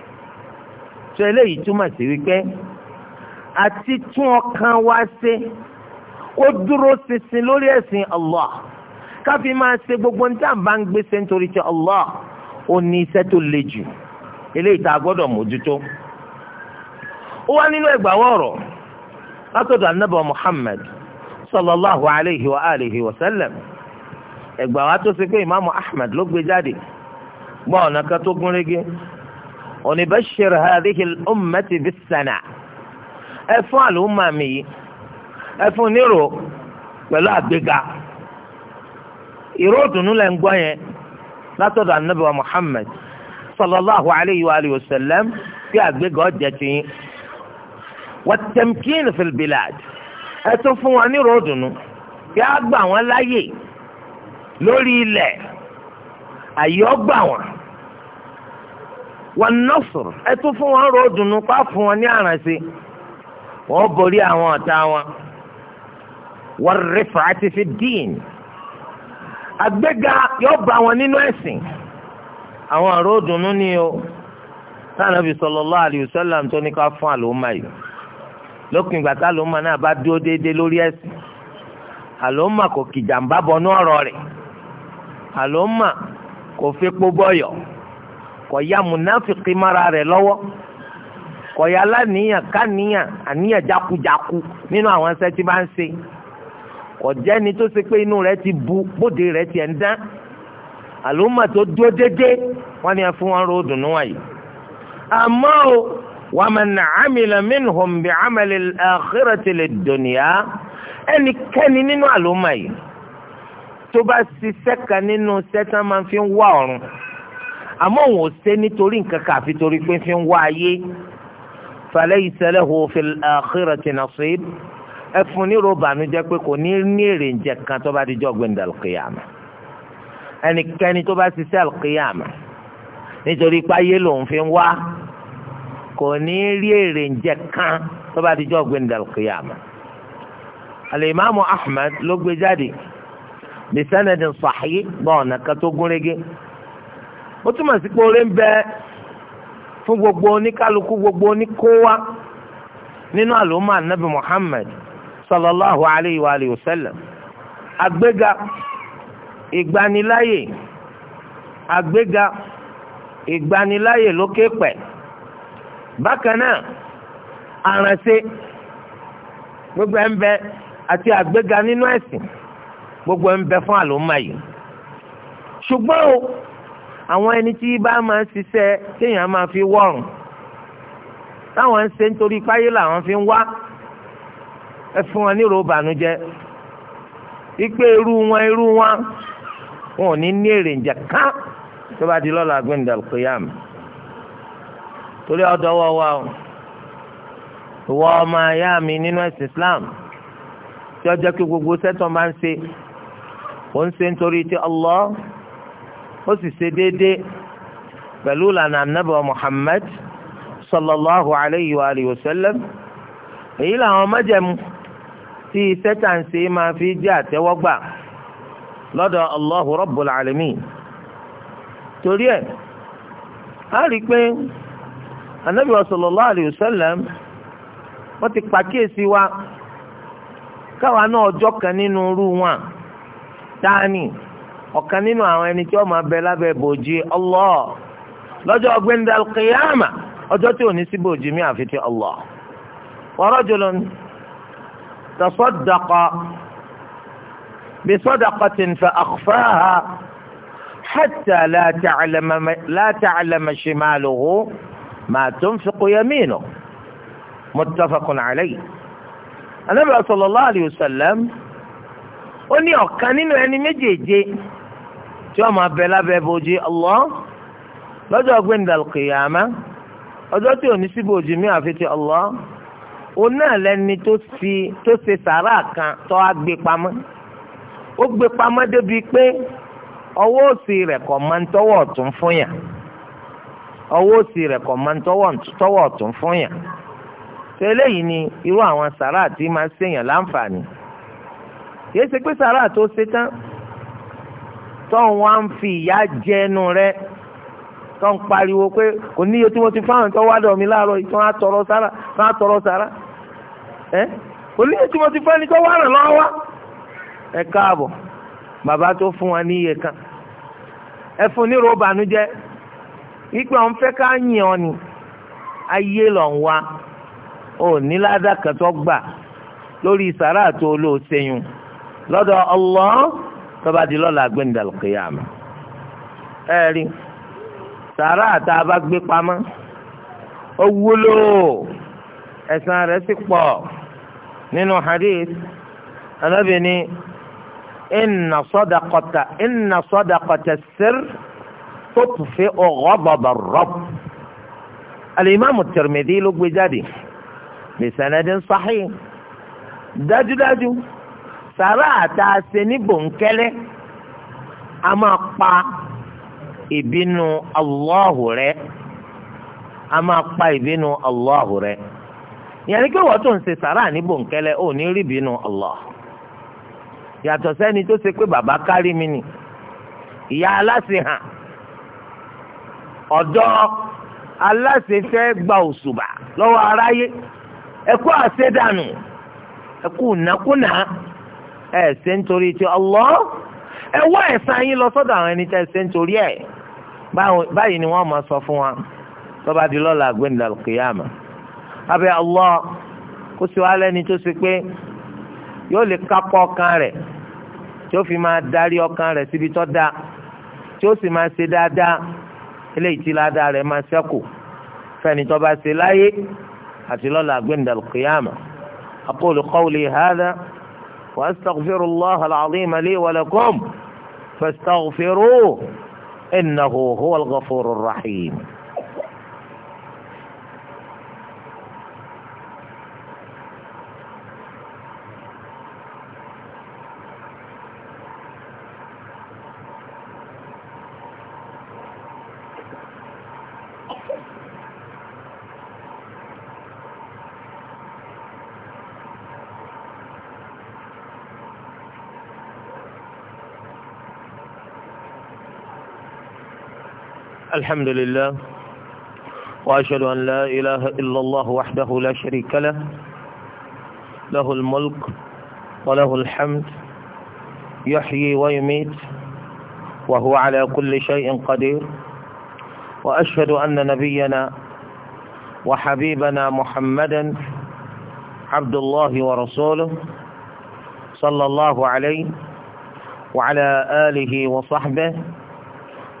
tó eléyìí túmọ̀ sí wípé àti tún ọkàn wá sí kó dúró ṣinṣin lórí ẹ̀sìn Allah káfí máa ṣe gbogbo ní tàbá ń gbèsè nítorí ti Allah ó ní iṣẹ́ tó le jù eléyìí tá a gbọ́dọ̀ mójútó ó wá nínú ẹgbàá wọ̀rọ̀ látọ̀dọ̀ anábọ̀ Muhammad sallallahu alayhi wa alihi wa sallam ẹgbà wa tó ṣe pé imaamu Ahmad ló gbé jáde gbọ́ ọ̀nà kan tó gún régé onibashir hadhihi ummati bis sana ẹ fún àlùmọ́ mi yìí ẹ fún nírò pẹ̀lú àgbéga ìró òdùnnú lẹ́ ń gbọ́ yẹn látọ̀dọ̀ anábọ̀ Muhammad sallallahu alayhi wa alihi wa sallam kí àgbéga ọ̀jẹ̀ tiyín wàtẹ̀mkín fìlbìlàd ẹ tún fún wọn ní ròdùnú kí á gbà wọn láyè lórí ilẹ̀ àyè ọgbà wọn wọn nọ́sùr ẹ tún fún wọn ròdùnú pa fún wọn ní àrànṣe wọn borí àwọn ọ̀tá wọn wọn rẹfà àti fi dín àgbéga yóò bá wọn nínú ẹ̀sìn àwọn ròdùnú ni o sáà nàbì sallallahu alaihi wasallam tó ní ká fún àlòmá yìí lókùn ìgbà tá àlòmà náà bá dúró déédéé lórí ẹ̀sìn àlòmà kò kìjàmbá bọnú ọ̀rọ̀ rẹ̀ àlòmà kò fepo bọ́yọ̀ kò ya múnáfìkì mára rẹ̀ lọ́wọ́ kò ya láníyàn káníyàn àníyàn jákujáku nínú àwọn ẹsẹ̀ tí bá ń ṣe kò jẹ́ni tó ṣe pé inú rẹ̀ ti bu bóde rẹ̀ tiẹ̀ ń dán àlòmà tó dúró déédéé wọ́n ní ẹ fún wọn ròdùnú wáyé àmọ́ o. ومن عمل منهم بعمل الآخرة للدنيا أن كان ننو علومي تبا سيسكا ننو سيتا من في وارن àmọ́ òun ò ṣe nítorí nǹkan kan àfi torí pé fi ń wá ayé falaysa lahu fil akhirati nasib ẹ fún ní ròbànú jẹ́ pé kò ní ní èrè ǹjẹ́ kan tó bá di jọ́ gbẹ̀ndà alqiyama ẹnikẹ́ni tó bá ṣiṣẹ́ alqiyama nítorí pé ayé lòun fi ń wá kò ní rí èrè ńjẹ kan tó bá ti jọ gbẹni dàlùkìyàmà alimami ahmed ló gbé jáde bisanadin sahih gbọ́n ọ̀nà kan tó gúnrégé ó túmọ̀ sí pé oore ń bẹ gbogbo oníkálukú gbogbo oníkóówá nínú àlùmọ́ anabi muhammed sallallahu alayhi wa alayhi wa sallam Agbega ìgbaniláyè Agbega ìgbaniláyè lókè pẹ̀ bákan náà àrànṣe gbogbo ẹ̀ ń bẹ àti àgbéga nínú ẹ̀sìn gbogbo ẹ̀ ń bẹ fún àlùmọ́ yìí ṣùgbọ́n o àwọn ẹni tí bá máa ń ṣiṣẹ́ kéèyàn máa fi wọ́rùn táwọn ń ṣe nítorí páyé làwọn fi ń wá ẹ fún wọn ní ìròbànújẹ́ ipe irú wọn irú wọn wọn ò ní ní èrè ǹjẹ́ ká tó bá di lọ́la gbẹ̀ǹdàlùkọ́yàmù torí ọ̀dọ̀ wọ wa o ìwọ ọmọ ayá mi nínú ẹ̀sìn Islam tí ọjọ́ kí gbogbo sẹ́tọ̀ máa ń ṣe ó ń ṣe nítorí ti Allah ó sì ṣe déédéé pẹ̀lú ìlànà anábọ̀ Muhammad sallallahu alayhi wa alihi wa sallam èyí làwọn májẹ̀mú tí sẹ́tà máa fi jẹ́ àtẹ́wọ́gbà lọ́dọ̀ Allahu Rabbul Alamin torí ẹ̀ á rí i pé anabi sallallahu alayhi wa sallam wọ́n ti pàkíyèsí wa káwa náà ọjọ́ kan nínú irú wọn tani ọ̀kan nínú àwọn ẹni tí wọ́n máa bẹ lábẹ́ bòjì Allah lọ́jọ́ ọgbẹ́ndà kìyàmà ọjọ́ tí ò ní sí bòjì mi àfi ti Allah wa rajulun tasaddaqa bisadaqatin fa akhfaha hatta la ta'lama la ta'lama shimaluhu ma tunfiqu yaminuhu muttafaqun alayhi anabi sallallahu alayhi wa sallam ó ní ọ̀kan nínú ẹni méjèèje tí wọ́n máa bẹ lábẹ́ bòjì Allah lọ́jọ́ gbẹ̀ndàl kìyàmá ọjọ́ tí ò ní sí bòjì mi àfi ti Allah òun náà lẹni tó ṣe sàrà kan tó á gbé pamọ́ ó gbé pamọ́ débi pé ọwọ́ òsì rẹ̀ kò máa ń tọwọ́ ọ̀tún fún yàn ọwọ́ òsì rẹ̀ kọ̀ máa ń tọwọ́ ọ̀tún fún yàn ṣe eléyìí ni irú àwọn sàrà àti máa ń ṣèyàn láǹfààní kìí ṣe pé sàrà tó ṣe tán tọ́hún wá ń fi ìyá jẹnu rẹ tó ń pariwo pé kò níye tí mo ti fáwọn tó wá dọ̀ mí láàárọ̀ yìí tó ń tọrọ sàrà tó ń tọrọ sàrà ẹ kò níye tí mo ti fẹ́ ni tó wá ràn lọ́wọ́ wá ẹ káàbọ̀ bàbá tó fún wa níye kan ẹ fún ní ròbànújẹ́ ikpe àwọn fẹ́ ká yìn ọ ni ayé lọ ń wá ò ní ládàkàtọ́ gbà lórí sàrà tó lọ́dọ̀ di lọ́la gbẹ̀ndàlùkìyàmù ẹ̀rí sàrà tá a bá gbé pamọ́ ó wúlò ẹ̀san rẹ̀ sì pọ̀ nínú hadith inna sadaqata inna sadaqata sirr. tutfi'u ghadaba ar-rabb alimami Tirmidhi ló gbé jáde bi sanadin sahih dájúdájú sàrà àtà ṣe ní bòńkẹ́lẹ́ a máa pa ìbínú Allahu rẹ a máa pa ìbínú Allahu rẹ yẹnni kí wọ́n tó ń ṣe sàrà ní bòńkẹ́lẹ́ ò ní rí ìbínú Allah yàtọ̀ sẹ́ni tó ṣe pé bàbá kárí mi ni ìyá aláṣẹ hàn ọ̀dọ́ aláṣẹfẹ́ gba òṣùbà lọ́wọ́ aráyé ẹ̀kú àṣẹdànù ẹ̀kú nàkúnà ẹ̀ ṣe nítorí ti Allah ẹ wá ẹ̀san yín lọ sọ́dọ̀ àwọn ẹni tẹ́ ṣe ẹ̀ báyìí ni wọ́n máa sọ fún wa tọ́ba di lọ́la gbẹ̀ndà kìyàmà abẹ́ Allah kó sì wá lẹ́ni tó ṣe pé yóò lè kápọ̀ ọkàn rẹ̀ tí ó fi máa darí ọkàn rẹ̀ síbi tó dáa tí ó sì máa ṣe dáadáa. eléyìí tí ládàá rẹ̀ máa ṣẹ́kù fẹ́ni tó bá ṣe láyé àti lọ́la gbẹ̀ndàl kìyàmà aqulu qawli hàdà wa astaghfirullah al-azim li wa lakum fastaghfiruhu innahu huwal ghafurur rahim. الحمد لله وأشهد أن لا إله إلا الله وحده لا شريك له له الملك وله الحمد يحيي ويميت وهو على كل شيء قدير وأشهد أن نبينا وحبيبنا محمدا عبد الله ورسوله صلى الله عليه وعلى آله وصحبه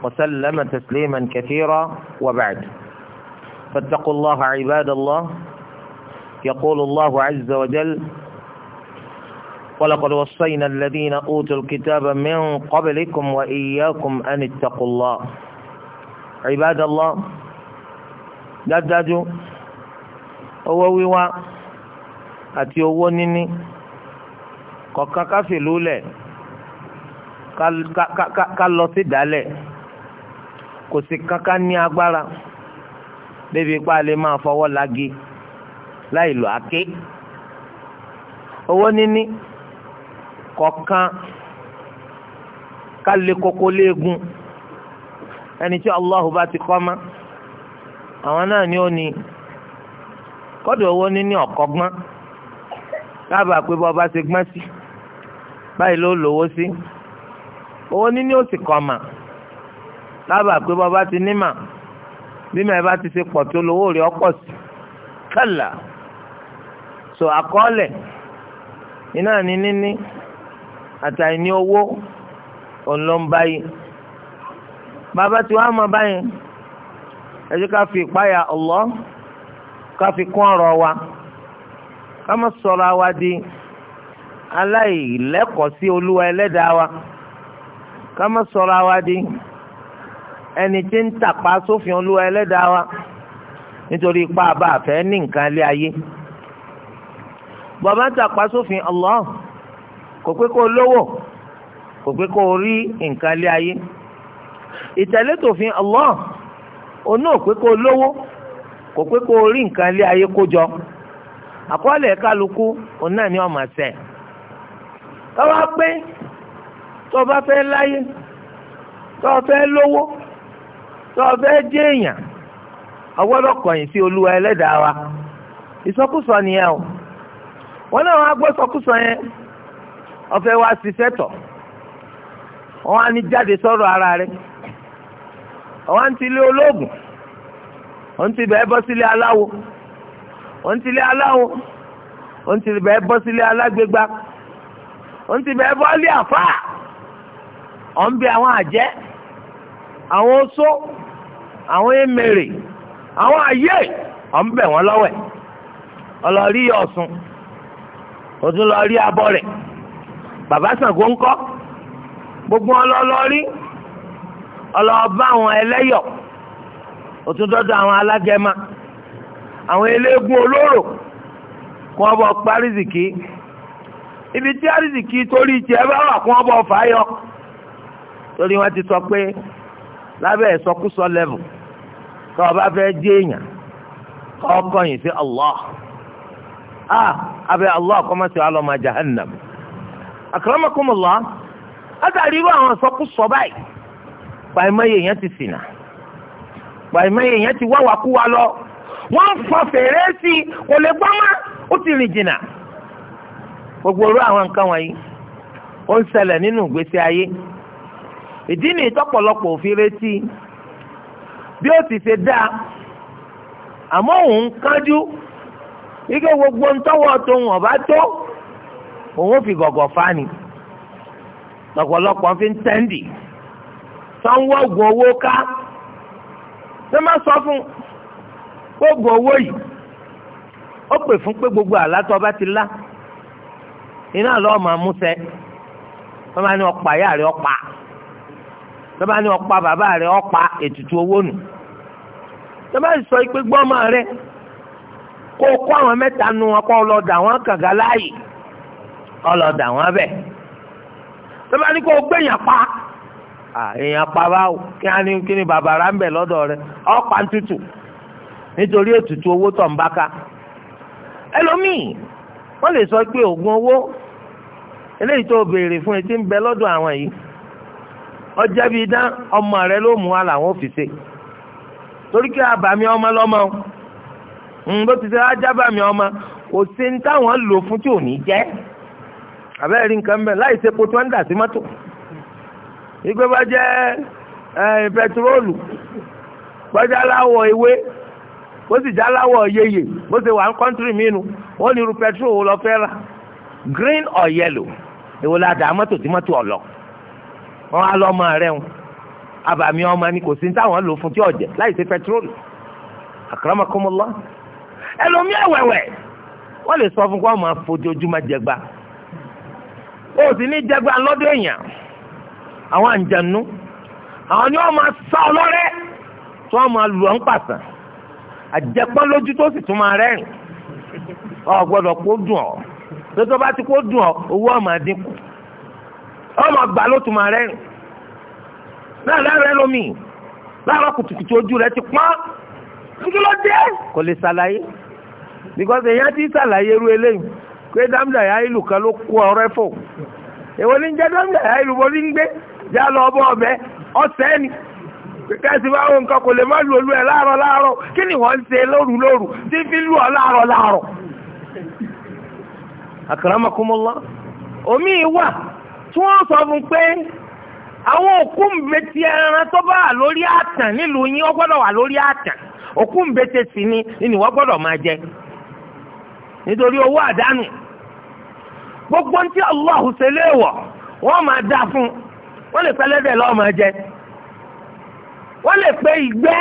وسلم تسليما كثيرا وبعد فاتقوا الله عباد الله يقول الله عز وجل ولقد وصينا الذين أوتوا الكتاب من قبلكم وإياكم أن اتقوا الله عباد الله dájúdájú owó wíwá àti owó níní kọ̀ọ̀kan ká fìlú lẹ̀ ká lọ kò sí kankan ní agbára débi ipá lè máa fọwọ́ lagi láì lò àké owó níní kọ̀ọ̀kan ká lè koko léegun ẹni tí Allahu bá ti kọ́ ma àwọn náà ni ó ní kọ́dọ̀ owó níní ọ̀kọ́gbọ́n dábàá pé bọ́ bá ṣe gbọ́n sí báyìí ló lówó sí owó níní ó sì kọ́ ma lábàá pé bọ́ bá ti nímà bímọ ẹ bá ti ṣe pọ̀ tó lówó rẹ̀ ọ̀pọ̀ sí kàlà so àkọọ́lẹ̀ iná ní níní àtàìní owó ọ̀nlọ́mbá yìí bàbá tí wàá mọ̀ báyìí ẹ jẹ́ ká fi ìpáyà Allah ká fi kún ọ̀rọ̀ wa ká má sọ̀rọ̀ wa di aláìlẹ́kọ̀ọ́ sí olúwa ẹlẹ́dàá wa ká má sọ̀rọ̀ wa di. ẹni tí ń tàpá sófin olúwa ẹlẹ́dàá wa nítorí ipa bá fẹ́ ní nǹkan ilé ayé bàbá tàpá sófin ọlọ́ọ̀ kò pé kó lówó kò pé kó rí nǹkan ayé ìtẹ̀lé tòfin ọlọ́ọ̀ oní ò pé kó lówó kò pé kó rí nǹkan ayé àkọọ́lẹ̀ kálukú òun náà ni o bá fẹ́ láyé tó o fẹ́ lówó tọ́ọ̀fẹ́ jẹ́ èèyàn kọ̀yìn sí olúwa ẹlẹ́dàá wa ìsọkúsọ nìyẹn o wọn náà wọn á gbọ́ sọkúsọ yẹn ọ̀fẹ́ wa sì wọn á ní jáde sọ̀rọ̀ ara rẹ wọn ti lé olóògùn wọn ti bọ́ sílé aláwo wọn ti lé aláwo wọn ti bọ́ sílé alágbègbà wọn ti bọ́ lé àfáà àwọn emèrè àwọn ayé ọ̀n bẹ̀ wọ́n lọ́wẹ̀ ọlọ́rí ọ̀sùn òtún lọ́rí abọ́ rẹ̀ bàbá Ṣàngó ńkọ́ gbogbo ọlọ́lọ́rí ọlọ́ọ̀bá àwọn ẹlẹ́yọ̀ òtún dọ́dọ̀ àwọn alágẹ̀mà àwọn eléégún olóró kí wọ́n bọ̀ ibi tí àrízìkì torí tiẹ̀ bá wà kí wọ́n bọ̀ torí wọ́n ti sọ pé. lábẹ́ ìsọkúsọ lẹ́vù kọ́ ọba fẹ́ jẹ́ èèyàn kọ́ ọkọ̀yìn sí Allah ah abẹ́ Allah kọ́mọ́sí wa lọ́ọ́ ma jahannam akramakumullah látàrí irú àwọn ìsọkúsọ báyìí pàìmọ́yé èèyàn ti ṣìnà pàìmọ́yé èèyàn ti wáwàkúwa lọ wọ́n fọ fèrè kò lè gbọ́ ó ti rìn jìnnà gbogbo irú àwọn nǹkan wọ̀nyí ó ń ṣẹlẹ̀ nínú ìgbésí ayé. ìdí ni ìtọ́pọ̀lọpọ̀ òfin retí bí ó ti ṣe dáa àmọ́ òun kánjú ike gbogbo ntọ́wọ́ tóun ọ̀bá tó òun fi gọ̀gọ̀ fani lọ́pọ̀lọpọ̀ fi ń tẹ́ndì sanwó oògùn owó ká ṣé má sọ fún oògùn owó yìí ó pè fún pé gbogbo àlátọ́ bá ti lá iná lọ́ọ́ máa mú sẹ́ wọ́n máa ní ọ̀pá yára ọ̀pá. tọ́ba ni ọ̀pá bàbá rẹ̀ ọ̀pá ètùtù owó nù tọ́ba sọ pé gbọ́mọ rẹ kó kó àwọn mẹ́ta nu ọkọ kó lọ kàga láàyè ọlọ́dà wọ́n bẹ̀ tọ́ba ni kó pa èèyàn pa báwo kí á ní kí ni bàbàrà ń bẹ̀ lọ́dọ̀ owó ń sọ pé oògùn owó eléyìí tó béèrè fún etí ń bẹ lọ́dọ̀ ọjà bíi dán ọmọ rẹ ló mú wa làwọn ò fi ṣe torí kí abàmì ọmọ lọ́mọ bó ti ṣe ajábàmì ọmọ kò sí ní táwọn lò fún tí ò ní jẹ́ abẹ́rẹ́ rí nǹkan bẹ́ẹ̀ láì ṣe epo tí wọ́n ń dà sí mọ́tò ìgbé bá jẹ́ pẹtiróòlù bọ́jà láwọ̀ ewé bó sì já láwọ̀ yeye bó ṣe wà ní kọ́ńtírì mìínú ó ní irú pẹtiróòlù lọ fẹ́ ra green or yellow èwo la dà mọ́tò tí mọ́tò ọ̀lọ́ wọn á lọ ọmọ rẹ ń abàmì ọmọ ni kò sí ní táwọn lò fún tí ọjẹ láì ṣe ẹlòmí ẹwẹwẹ wọn lè sọ fún ọmọ afojoojúmọ́ jẹgba o sì ní jẹgba lọ́dọ̀ èèyàn àwọn àǹjànú àwọn ni wọn máa sá ọlọrẹ tí wọn máa ọ ń pàṣẹ àjẹpọn lójú tó sì tún máa ọ kó ọ tó tó bá ti ọmọ gbà ló tún máa rẹ́rìn náà lẹ́rìn lómi láàárọ̀ kùtùkùtù ojú rẹ ti pọ́n kí ló dé kò lè ṣàlàyé because èèyàn ti ṣàlàyé irú eléyìí pé dámdà yá ìlú kan ló kó ọrẹ fò èwo jẹ ìlú lọ ọbọ ọbẹ ọsẹ ni bá wọn nǹkan kò lè má lu olú ẹ láàárọ̀ láàárọ̀ kí ni wọn ń ṣe lóru lóru tí fi lù ọ láàárọ̀ tí wọ́n sọ fún pé àwọn òkú mbẹ́tì ẹran tó bá wà lórí àtàn nílùú yín wọ́n gbọ́dọ̀ wà lórí àtàn òkú mbẹ́tì sì ni ni wọ́n gbọ́dọ̀ máa jẹ nítorí owó àdánù gbogbo ntí Allah ṣe léèwọ̀ wọ́n máa dá fún wọ́n lè pẹ́ lẹ́dẹ̀ lọ́ọ́ máa jẹ wọ́n lè pẹ́ ìgbẹ́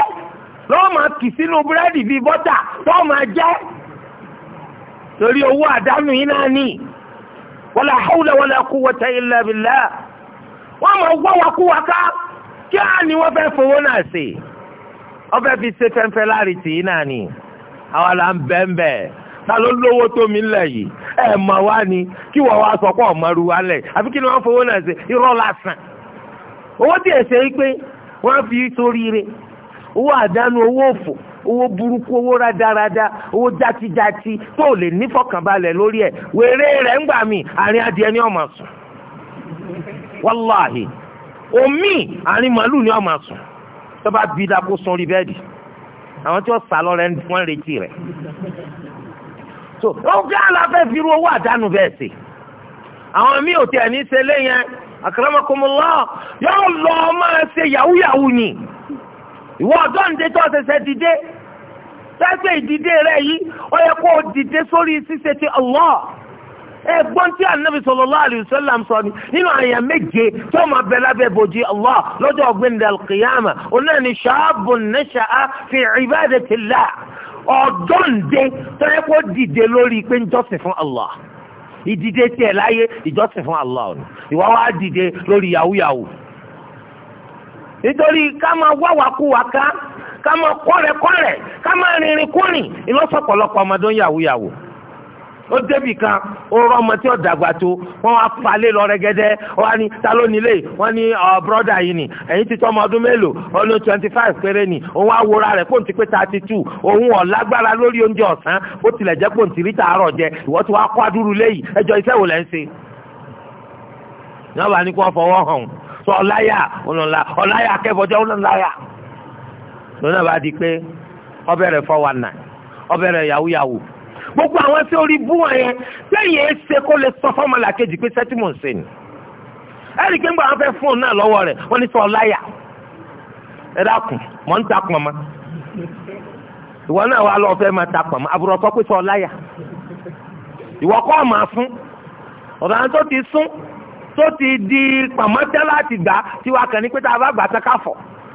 lọ́ọ́ máa kì sínú búrẹ́dì bíi bọ́tà tó máa jẹ torí owó àdánù yín náà nìyí. wala hawla wala quwwata illa a wọn máa wá wa kú wa ká kí á ní wọ́n fẹ́ fowó náà ṣe wọ́n fẹ́ fi ṣe fẹ́ńfẹ́ láàrin tì í náà ni àwa là ń bẹ́ẹ̀ ta ló lówó tó mi lẹ̀ yìí ẹ̀ mọ̀ wá ni kí wọ́n wá sọ pé ọ̀mọ́ru wa lẹ̀ àfi kí ni wọ́n fowó náà irọ́ lásán owó tí ẹ̀ ṣe é pé wọ́n fi sóríire owó àdánù owó òfò owó burúkú owó rádaràda owó játijàti tó lè nífọ̀kànbalẹ̀ lórí ẹ̀ wèrè rẹ̀ ń gbà mí àárín adìẹ ni ọmọ sùn wàláhì omi àárín màálù ni ọmọ sùn tó bá bí dako sun rí bẹ́ẹ̀dì àwọn tí wọ́n sá lọ́rẹ́ wọ́n retí rẹ̀ so ó gbé aláfẹ́ fi irú owó àdánù bẹ́ẹ̀ sí àwọn míì ò tiẹ̀ ní í ṣe léyìn akramakumullah yóò lọ máa ṣe yahoo yahoo ni ìwọ ọ̀dọ́ ǹdẹ́ tó dìde tẹ́sẹ̀ ìdìde rẹ̀ yìí ó yẹ kó o dìde sórí ṣíṣe ti Allah ẹgbọ́n tí anabi sallallahu alayhi wa sallam sọ ni nínú àyà méje tó máa bẹ lábẹ́ bòjì Allah lọ́jọ́ ọ̀gbìndà al-qiyama òun náà ni ṣáàbùn nasha'a fi ibadatillah ọ̀dọ́ǹde tó yẹ kó dìde lórí pé ń jọ́sìn fún Allah ìdìde tiẹ̀ láyé ìjọ́sìn fún Allah ni ìwà wa dìde lórí yahoo yahoo nítorí ká máa wá wàkúwà ká máa kọ́rẹ̀ kọ́rẹ̀ ká máa rìnrìn kúrìn ìlọ́sọ̀pọ̀lọpọ̀ ọmọdé ń yàwó yàwó ó débì kan ó ọmọ tí ó dàgbà tó wọn wá falẹ̀ lọ rẹ́gẹ́dẹ́ wọn ni ta ló nílé wọn ni brọ́dà yìí ni ẹ̀yin ti tọ́ ọmọ ọdún mélòó ó twenty five péré ni òun awora rẹ̀ pòun ti pé thirty two òun lágbára lórí oúnjẹ ọ̀sán tilẹ̀ jẹ́ ti rí tààrọ̀ jẹ ìwọ tí wàá kọ́ adúrú léyìí ẹjọ́ iṣẹ́ wò lẹ́ ń ṣe. kí fọwọ́ lónà bá di pé ọbẹ̀rẹ̀ fọwọ́nà ọbẹ̀rẹ̀ yàwúyàwó gbogbo àwọn tí orí bú wọn yẹn lẹ́yìn ẹsẹ kó lè sọ fọmọ làkejì pé sẹtìmọ ń sẹni wọn fẹ́ fóònù náà lọ́wọ́ rẹ̀ wọ́n ní sọ ọláyà ẹ dákun mọ ń takùn ọmọ ìwọ náà wà fẹ́ máa takùn sọ ọláyà ìwọ kọ́ ọ̀ máa fún àwọn tó ti sún tó ti di pàmọ́tẹ́ láti gbà tí wàá kàn ní pé tá a bá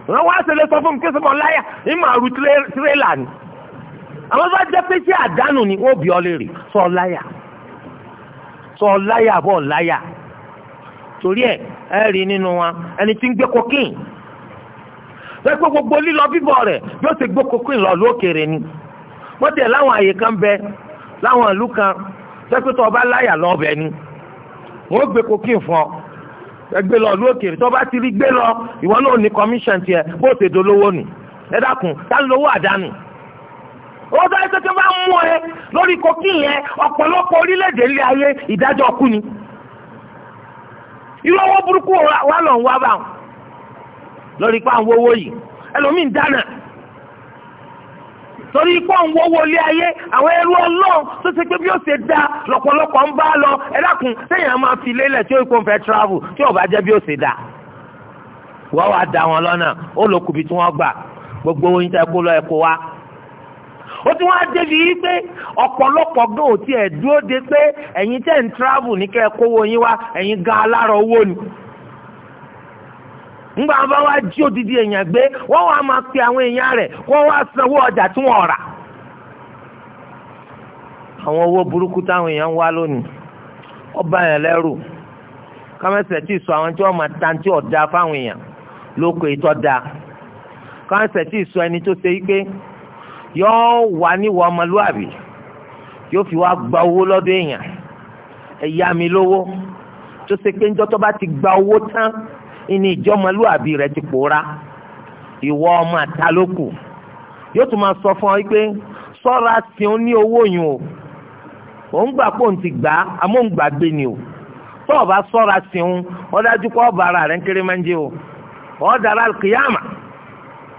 wọ́n wá ṣe lè sọ fún mi kí sọ́mọ láyà ìmọ̀ àrùn tirẹ́là ni àwọn bá jẹ́ pé tí àdánù ni wọ́n bí ọ léèrè sọ láyà sọ láyà bọ̀ láyà torí ẹ ẹ rí nínú wa ẹni tí ń gbé cocaine lẹ́gbẹ́ gbogbo lílọ bíbọ̀ rẹ̀ yóò ti gbé cocaine lọ lókèrè ni wọ́n tẹ̀ láwọn àyè kan bẹ láwọn ìlú kan lẹ́gbẹ́ tó ọba láyà lọ́ọ̀bẹ ni wọ́n gbé cocaine fún ọ ẹgbẹ́ lọ lókèrè tó bá ti rí gbé lọ ìwọ náà ní commission tiẹ̀ bó ṣe dolówó nù ẹ dákun tá lówó àdánù. ó bá yẹ kí wọ́n bá mú ẹ lórí kókí yẹn ọ̀pọ̀lọpọ̀ orílẹ̀-èdè ilé ayé ìdájọ́ kú ni. irú owó burúkú wa lọ ń wá bá wọn lórí pé àwọn owó yìí ẹlòmíín dáná torí ikú àwọn owó ilé ayé àwọn ẹrú ọlọ́run tó ṣe pé bí ó ṣe da lọ́pọ̀lọpọ̀ ń bá lọ ẹ dákun sẹ́yìn máa fi lélẹ̀ tí ó kó fẹ́ travel tí ò bá jẹ́ bí ó ṣe dá. wọ́n wá da wọn lọ́nà ó lò kùbí tí wọ́n gbà gbogbo oyin tẹ́ kó lọ ẹ̀ kó wá. ó ti wọ́n á débi yí pé ọ̀pọ̀lọpọ̀ gbé òtí ẹ̀ dúró de pé ẹ̀yin tẹ́ ń travel ní kẹ́ kówó yín wá ẹ̀yin gan alárọ̀ ńgbà wọn bá wá jí odidi èèyàn gbé wọ́n wá máa pe àwọn èèyàn rẹ̀ kó wá sanwó ọjà tí wọ́n rà. àwọn owó burúkú táwọn èèyàn ń wá lónìí ó bà yẹn lẹ́rù kámẹ́sẹ̀ tí ì sọ àwọn tí wọ́n máa ta tí ọ̀dà fáwọn èèyàn lóko ètò ọ̀dà kámẹ́sẹ̀ tí ì sọ ẹni tó ṣe wípé yóò wà níwọ̀ ọmọlúwàbí yóò fi wá gba owó lọ́dọ̀ èèyàn ẹ̀yà mi lówó tó ṣe pé ńjọ́ tó bá ti gba owó tán ìní ìjọmọlúàbí rẹ ti pòórá ìwọ ọmọ àtàlókù yóò tún máa sọ fún ọ pé sọ́ra tí ó ní owó yùn o ò ń gbà pò ń ti gbà àmọ́ ń ni o tó o bá sọ́ra tí ó ọ dájú pé ọba ara rẹ ń kéré máa ń jẹ o ọ dara kìyàmà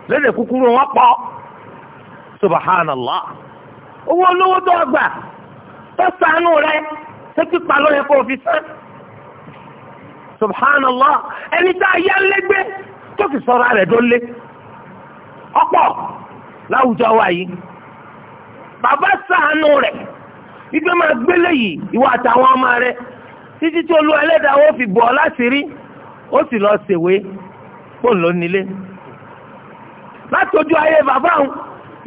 lédè kúkúrú wọn pọ̀ subhanallah owó olówó tó ọgbà tó sànù rẹ ṣé pípa ló yẹ kó o fi sán. subhanallah ẹni tá a yá lẹ́gbẹ́ tó fi sọ̀rọ̀ rẹ̀ dó lé ọ̀pọ̀ láwùjọ wa yìí bàbá ṣàánú rẹ̀ ibi máa gbélé yìí ìwà àtàwọn ọmọ rẹ̀ títí tí olú ẹlẹ́dàá ó fi bọ̀ láti rí ó sì lọ ṣèwé kó ló nílé látọjú ayé bàbá òun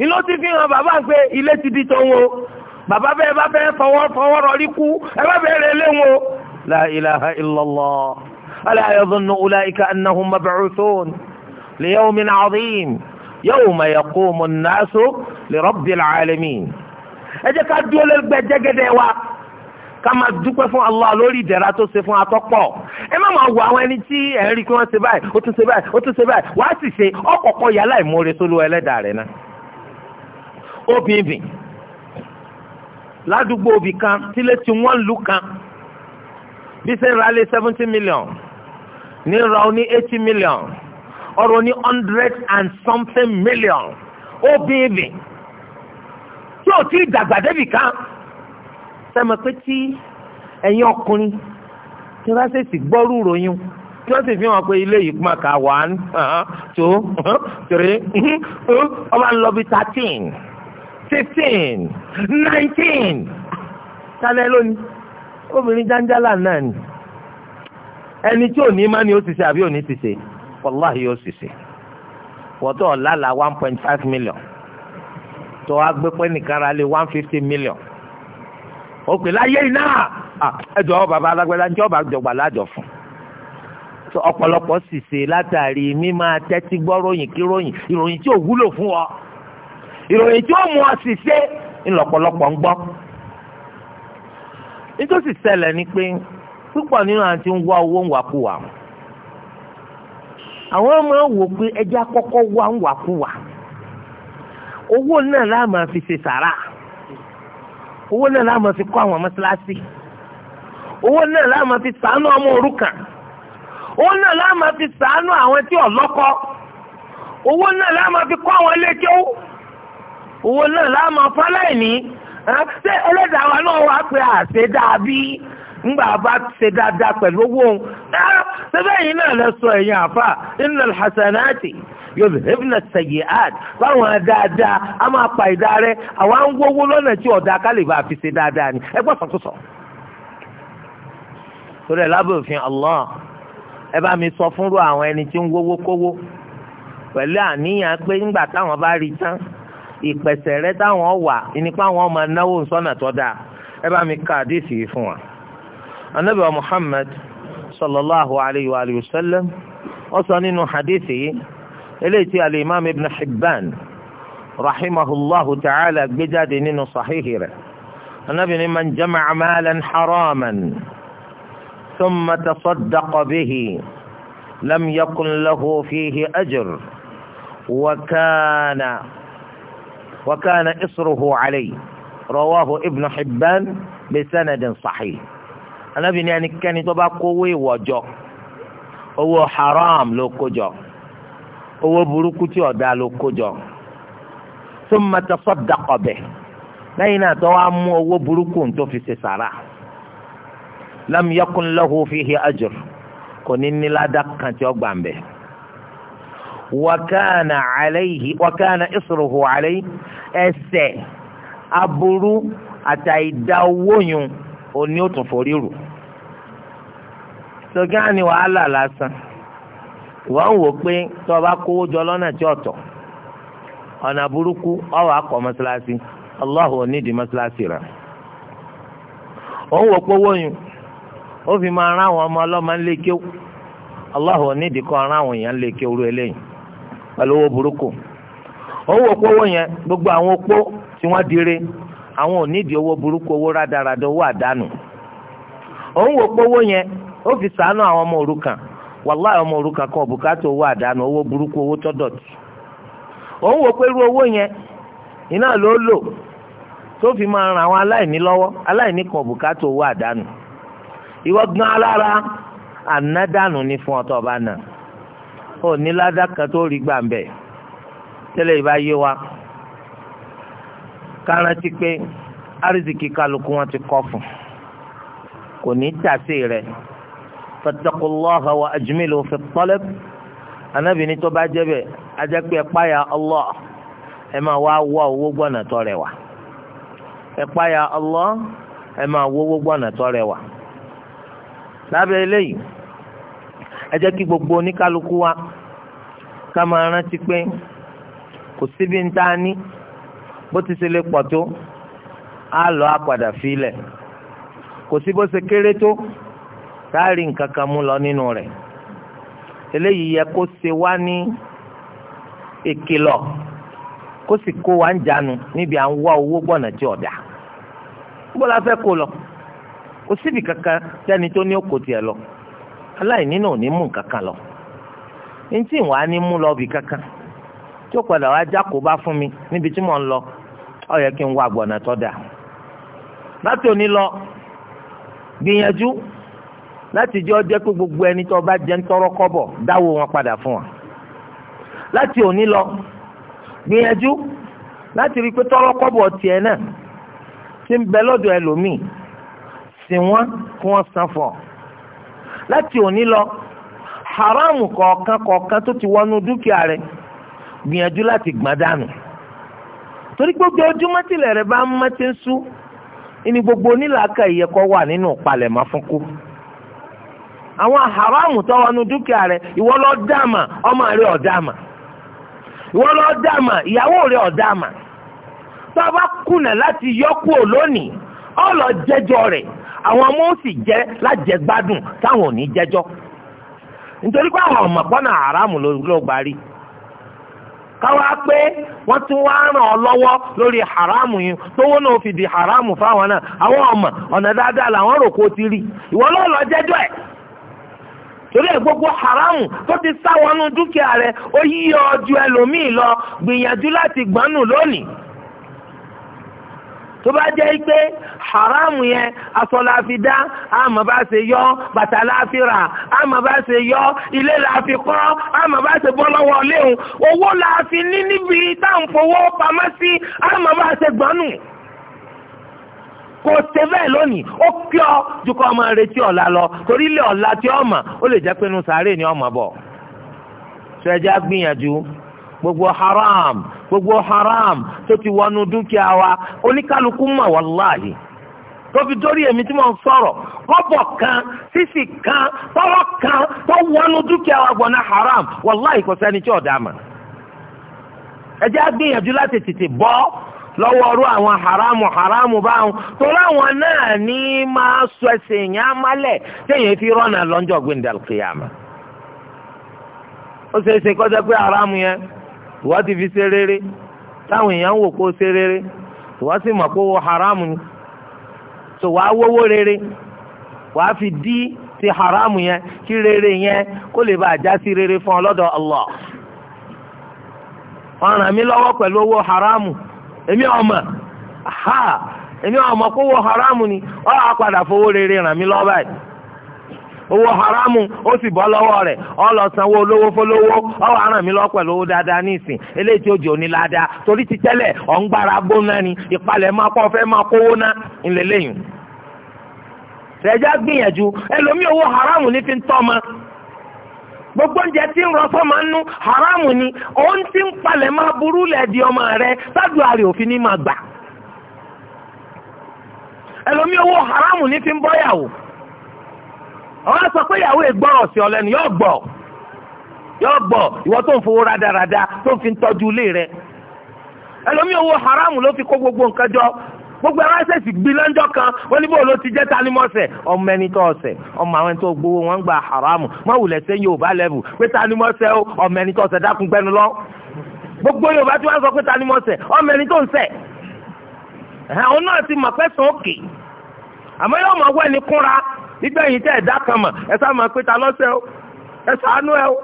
ìlú ti fi hàn bàbá pé ilé ti di tó ń wo bàbá bẹ́ẹ̀ bá fẹ́ fọwọ́ fọwọ́ rọrí kú ẹ bá bẹ́ẹ̀ rẹ̀ lé wọn o. لا إله إلا الله ألا يظن أولئك أنهم مبعوثون ليوم عظيم يوم يقوم الناس لرب العالمين ẹjẹ́ ká dúró lẹ́gbẹ́ jẹ́gẹ́dẹ́ wa ká máa dúpẹ́ fún Allah lórí ìdẹ̀ra tó ṣe fún atọ́pọ̀ ẹ má máa wo àwọn ẹni tí ẹ̀ ń rí kí wọ́n ṣe báyìí ó tún ṣe báyìí ó tún ṣe báyìí wàá sì ṣe ọ̀kọ̀ọ̀kọ̀ yàrá ìmoore tó ló ẹlẹ́dàá rẹ̀ náà obìnrin ládùúgbò obì kan tílé tí wọ́n lù kan bí ṣe ra lé seventy million ní ra o ní eighty million ọ̀rọ̀ ní hundred and something million ó bèbè tí ò tí ì dàgbà débì kan sẹ́mi pé tí ẹ̀yin ọkùnrin tí wọ́n ṣe sì gbọ́rú ròyìn tí wọ́n sì fi hàn pé ilé yìí kúmọ̀ ká one two uh-huh, three uh-huh, uh-huh, ọba ń lọ bí thirteen fifteen nineteen sálẹ̀ lónìí obìnrin jáńjálà náà ni ẹni tí ò ní má ni ó ti ṣe àbí ò ní ti ṣe wàláhì yóò sì ṣe wọ́tọ̀ ọ̀làlà one point five million tó wá gbé pé nìkan ra lé one fifty million ó pè láyé iná ẹjọ́ bàbá alágbẹ́lá ń jọba jọgbà lájọ fún ọ̀pọ̀lọpọ̀ sì ṣe látàrí mímá tẹ́tí gbọ́ ròyìn kí ròyìn ìròyìn tí ò wúlò fún ọ ìròyìn tí ó mú ọ sì ṣe ńlọ́pọ̀lọpọ̀ ń gbọ́ nítòsí ṣẹlẹ̀ ni pé púpọ̀ nínú àti ń wá owó ń wá kú wàkúwà àwọn ọmọ wò pé ẹjẹ́ akọ́kọ́ wá ń wá kú wàkúwà owó náà la máa fi ṣe sàrà owó náà la máa fi kọ́ àwọn mọ́ṣáláṣí owó náà la máa fi ṣàánú ọmọ òrukàn owó náà la máa fi ṣàánú àwọn tí ọlọ́kọ owó náà la máa fi kọ́ àwọn ilé kéwú owó náà la máa fọ́ láìní. ṣé ẹlẹ́dàá wa náà wá pé àṣẹ dàbí ńgbà bá ṣe dáadáa pẹ̀lú owó òun ṣé bẹ́yìn náà lọ sọ ẹ̀yìn àfà innal hasanati yudhibna sayyi'at báwọn dáadáa a máa pa ìdá rẹ àwa ń gbówó lọ́nà tí ọ̀dà kálí fi ṣe dáadáa ni ẹ gbọ́ sọ̀tún torí ẹ̀ lábẹ́ òfin Allah ẹ bá mi sọ fúnrú àwọn ẹni tí ń wówó kówó pẹ̀lú àníyàn pé ńgbà táwọn bá rí tán ìpẹ̀sẹ̀ rẹ táwọn wà ìnipa wọn ọmọ náwó sọ́nà tó dáa ẹ bá mi ka àdéhìí yìí fún wa. anabi wa muhammad sallallahu alayhi wa alihi wa sallam ó sọ nínú hadithi yìí eléyìí tí alimami ibn hibban rahimahullahu ta'ala gbé jáde nínú sahihi rẹ̀ anabi ni man jama maalan haraman thumma tasaddaqa bihi lam yakun lahu fihi ajr wa وكان إصره عليه رواه ابن حبان بسند صحيح النبي يعني كان تبا قوي وجو owó haram ló kójọ owó burúkú tí ọ̀dà ló kójọ thumma tasaddaqa bih lẹ́yìn náà tó wá mú owó burúkú tó fi ṣe sàrà lam yakun lahu fihi ajr kò ní ní ládàá kan tí ó gbà ń bẹ̀. wakana alayhi wakana isruhu alayhi ẹsẹ̀ aburú àtàìdá owó yun òní ò tún forí rù sọgá ni wàhálà lásán ìwọ wò pé tó o bá kówó jọ lọ́nà tí ọ̀tọ̀ ọ̀nà burúkú ọwọ́ akọ̀ mọ́ṣáláṣí Allahu onídìí mọ́ṣáláṣí rẹ̀ òun wò pé owó yun ó fi máa rán àwọn ọmọ ọlọ́mọ rán àwọn èèyàn eléyìí. pẹ̀lú owó burúkú yẹn gbogbo àwọn opó tí wọ́n dire àwọn ò nídìí owó burúkú owó rádaràdà owó àdánù òun wò yẹn ó fi sàánú àwọn ọmọ òrukàn wàláì ọmọ òrukàn kan bùkátà owó àdánù owó burúkú owó tọ́dọ̀tì òun wò pé irú owó yẹn iná ló lò tó fi máa ran àwọn aláìní lọ́wọ́ aláìní kan bùkátà owó àdánù ìwọ gan alára ànádànù ni fún ọba náà ò ní ládàá kan tó rí gbà ń bẹ̀ tẹ́lẹ̀ ìbá yé wa kárántí pé árísìkì kálukú wọn ti kọ́ fún kò ní tàsé rẹ̀ fattaqullaha wa ajmilu fi talab anábìíní tó bá jẹ́ bẹ́ẹ̀ ajẹ́ pé ẹ páyà Allah ẹ máa wá wá owó gbọ́nà tó rẹwà ẹ páyà Allah ẹ máa wá owó gbọ́nà tó rẹwà lábẹ́ eléyìí ẹ jẹ́ kí gbogbo oníkálukú wa ká máa rántí pé kò síbi ń tá a ní bó ti ṣe lè pọ̀ tó á lọ á padà filẹ̀ kò sí bó ṣe kéré tó tá a rí nǹkan kan mú lọ nínú rẹ̀ eléyìí yẹ kó ṣe wá ní ìkìlọ̀ kó sì kó wa ń jánu níbi à ń wá owó gbọ̀nà tí ọ̀dà bó la fẹ́ kó lọ kò síbi kankan tẹ́ni tó ní òkò tiẹ̀ lọ aláìní náà ò ní mú nǹkan kan lọ ntí ìwà ni mú lọ bì kankan tí ó padà wá jákòóbá fún mi níbi tí mò ń lọ ó yẹ kí n wá gbọ̀nà tó dáa láti òní lọ gbìyànjú láti jẹ́ ọjọ́ pé gbogbo ẹni tó bá jẹ́ ń tọrọ kọ́bọ̀ dáwó wọn padà fún wa láti òní lọ gbìyànjú láti rí i pé tọrọ kọ́bọ̀ tiẹ̀ náà ti ń bẹ lọ́dọ̀ ẹlòmíì sìn wọ́n kí wọ́n san fún ọ láti òní lọ haramu kọ̀ọ̀kan kọ̀ọ̀kan tó ti wọnú dúkìá rẹ̀ gbìyànjú láti gbọ́n dànù torí gbogbo ojúmọ́ tilẹ̀ rẹ̀ bá ń mọ́ ti ń sú ní gbogbo onílàákà ìyẹ́kọ́ wà nínú palẹ̀mọ́ fún kú àwọn haramu tó wọnú dúkìá rẹ̀ ìwọ lọ dàmà ọmọ rẹ̀ ọ̀dàmà ìwọ lọ dàmà ìyàwó rẹ̀ ọ̀dàmà tó a bá kùnà láti yọkù lónìí ọ jẹjọ rẹ̀ àwọn ọmọ ó sì jẹ́ lájẹgbádùn táwọn ò ní jẹ́jọ́ nítorí pé àwọn ọ̀mọ̀pọ́nà àràmù ló gbà rí káwá pé wọ́n tún wá ràn ọ́ lọ́wọ́ lórí haramu yìí tówó náà fi di haramu fáwọn náà àwọn ọmọ ọ̀nà dáadáa làwọn rò kó ti rí ìwọ náà lọ jẹ́jọ́ ẹ̀ torí ẹ̀ gbogbo haramu tó ti sáwọnú dúkìá rẹ, ó yí ọ ju ẹlòmíì lọ gbìyànjú láti gbọ́nù lónìí tó bá jẹ́ pé haramu yẹn aṣọ la fi dá àmọ́ bá ṣe yọ bàtà la fi rà àmọ́ bá ṣe yọ ilé la fi kọ́ àmọ́ bá ṣe bọ́ lọ́wọ́ léhùn owó la fi ní níbi táwọn fowó pamọ́ sí àmọ́ bá ṣe gbọ́nù kò ṣe bẹ́ẹ̀ lónìí ó kí ọ ju kọ́ ọmọ retí ọ̀la lọ torí ilé ọ̀la tí ọmọ ó lè jẹ́ pé inú sàárè ni ọmọ bọ̀ ṣẹ́jà gbìyànjú gbogbo haram gbogbo haram tó ti wọnú dúkìá wa oníkálukú mọ̀ wàláhì tóbi dórí èmi tí mo ń sọ̀rọ̀ kọ́bọ̀ kan sísì kan tọwọ kan tó wọnú dúkìá wa gbọ̀nà haram wàláhì kò sẹ́ni tí ò dá mà ẹ jẹ́ á gbìyànjú láti tètè bọ́ lọ́wọ́ ọrú àwọn haramu haramu báwọn torí àwọn náà ní máa sọ ẹsẹ̀ yẹn amálẹ̀ téèyàn fi rọ́nà lọ́njọ́ gbẹ̀ndàlùkìyàmà ó ṣeé ṣe kọjá pé haramu yẹn ìwọ ti fi ṣe rere táwọn èèyàn ń wò kó ṣe rere sì haramu ni tó wówó rere wàá fi dí ti haramu yẹn kí rere yẹn kó lè bá a já sí rere fún ọ lọ́dọ̀ Allah lọ́wọ́ pẹ̀lú owó haramu ha èmi ọmọ kó haramu ni ọ̀ àpàdà fowó rere owó haramu ó sì bọ́ lọ́wọ́ rẹ̀ ọ lọ sanwó olówó fólówó ọ wà ràn mí lọ pẹ̀lú owó dáadáa ní ìsìn eléyìí tí ó jẹ́ òní ládàá torí ti tẹ́lẹ̀ ọ̀ gbóná ni ìpalẹ̀ máa kọ́ fẹ́ máa kówó ná ńlẹ́lẹ́yìn. ṣẹ̀já gbìyànjú ẹlòmíì owó haramu ní fi ń tọ́ ọmọ gbogbo oúnjẹ tí ń rọ sọ́mọ nú haramu ni òun ti ń palẹ̀ máa burú lẹ́ẹ̀dì ọmọ rẹ sádùn àrè òfin ní ma gbà ẹlòmíì owó haramu ní fi ń bọ́yàwó àwọn sọ pé ìyàwó ìgbọ́rọ̀ sí ọlẹ́nu yóò gbọ́ yóò gbọ́ ìwọ tó ń fowó rádaràda tó ń fi tọ́jú ilé rẹ ẹlòmíì owó haram ló fi kó gbogbo nǹkan jọ gbogbo ẹ̀rọ ẹ̀sẹ̀sì gbin lọ́jọ́ kan wọn ní bóòló ti jẹ́ tanimọ́sẹ̀ ọmọ ẹni tó ọ̀sẹ̀ ọmọ àwọn tó gbowó wọn gba haram má wulẹ̀ ṣe yorùbá lẹ́bù pé tanimọ́sẹ̀ o ọmọ ẹni tó ọ̀sẹ̀ dákun gbẹnu lọ gbogbo yorùbá tí wọ́n sọ pé tanimọ́sẹ̀ ọmọ ẹni tó ń sẹ̀ ẹ̀hán òun ti mọ̀ pẹ́ sàn òkè àmọ́ yóò mọ̀ wẹ́ni kúnra nígbẹ̀yìn tẹ́ ẹ̀dá kan mọ̀ ẹ sá pé ta lọ́sẹ̀ o ẹ sàánú ẹ o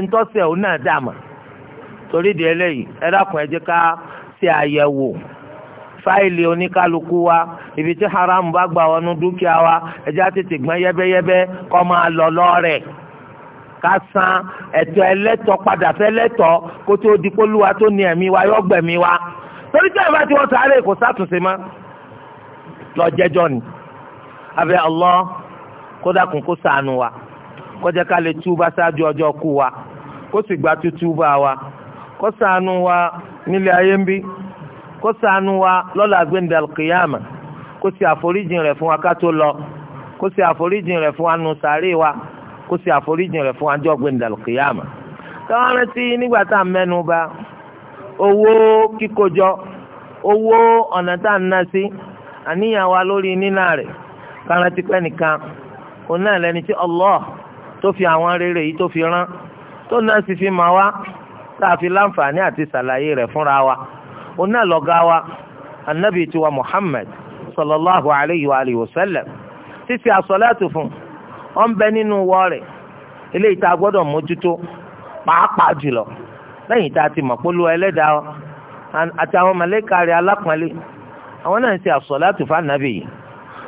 ń tọ́sẹ̀ náà dà mọ̀ torí di eléyìí ẹ dákun ẹ jẹ́ ká ṣe àyẹ̀wò fáìlì ibi tí haram bá gbà wọnú dúkìá wa ẹ gbọ́n yẹ́bẹ́yẹ́bẹ́ kó máa lọ lọ́rẹ̀ ká san ẹ̀tọ́ ẹlẹ́tọ́ padà fẹ́ lẹ́tọ́ kó tó di tó ní ẹ̀mí wa wa torí tí bá ti abẹ́ Allah kó dákun kó ṣàánú wa kó jẹ́ ká lè túbà ṣáájú ọjọ́ kú wa kó sì gba wa kó ṣàánú wa nílé ayé ń bí wa lọ́la gbẹ̀ndẹ̀ alqiyama kó sì àforíjìn rẹ̀ fún wa ká tó lọ kó sì àforíjìn rẹ̀ fún wa nù sàárè wa kó sì àforíjìn rẹ̀ fún wa jọ́ gbẹ̀ndẹ̀ alqiyama káwọn rántí nígbà tá à ń mẹ́nu owó kárántí pẹ́ nìkan òun náà tí Allah tó fi àwọn rere yìí tó fi rán tó náà sì fi mọ̀ wá tá a fi láǹfààní àti sàlàyé rẹ̀ fúnra wa òun náà lọ́gá wa anabi tiwa Muhammad sallallahu alayhi wa alihi wa sallam títí asọ́láàtù fún ọ ń bẹ nínú wọ́ọ̀rẹ̀ eléyìí tá a gbọ́dọ̀ mójútó pàápàá jùlọ lẹ́yìn tá a ti mọ̀ polú ẹlẹ́dàá àti àwọn mọ̀lẹ́kàrí alápọ̀nlé àwọn náà ń ṣe asọ́láàtù fún anabi yìí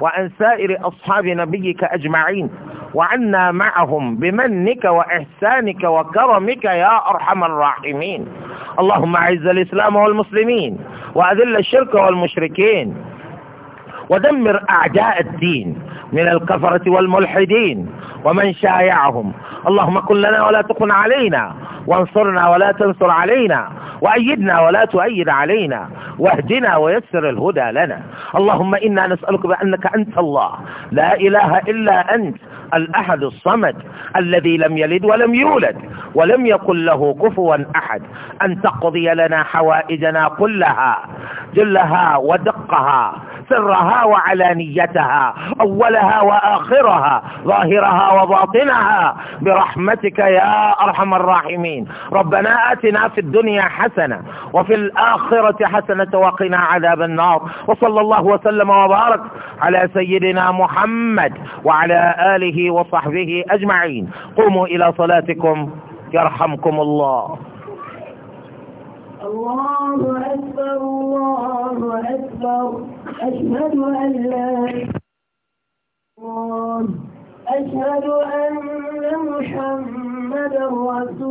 وعن سائر أصحاب نبيك أجمعين وعنا معهم بمنك وإحسانك وكرمك يا أرحم الراحمين اللهم أعز الإسلام والمسلمين وأذل الشرك والمشركين ودمر أعداء الدين من الكفرة والملحدين ومن شايعهم اللهم كن لنا ولا تكن علينا وانصرنا ولا تنصر علينا وأيدنا ولا تؤيد علينا واهدنا ويسر الهدى لنا اللهم إنا نسألك بأنك أنت الله لا إله إلا أنت الأحد الصمد الذي لم يلد ولم يولد ولم يقل له كفوا أحد أن تقضي لنا حوائجنا كلها جلها ودقها سرها وعلانيتها أولها وآخرها ظاهرها وباطنها برحمتك يا أرحم الراحمين ربنا آتنا في الدنيا حسنة وفي الآخرة حسنة وقنا عذاب النار وصلى الله وسلم وبارك على سيدنا محمد وعلى آله وصحبه أجمعين قوموا إلى صلاتكم يرحمكم الله الله أكبر الله أكبر أشهد أن لا أشهد أن محمدا رسول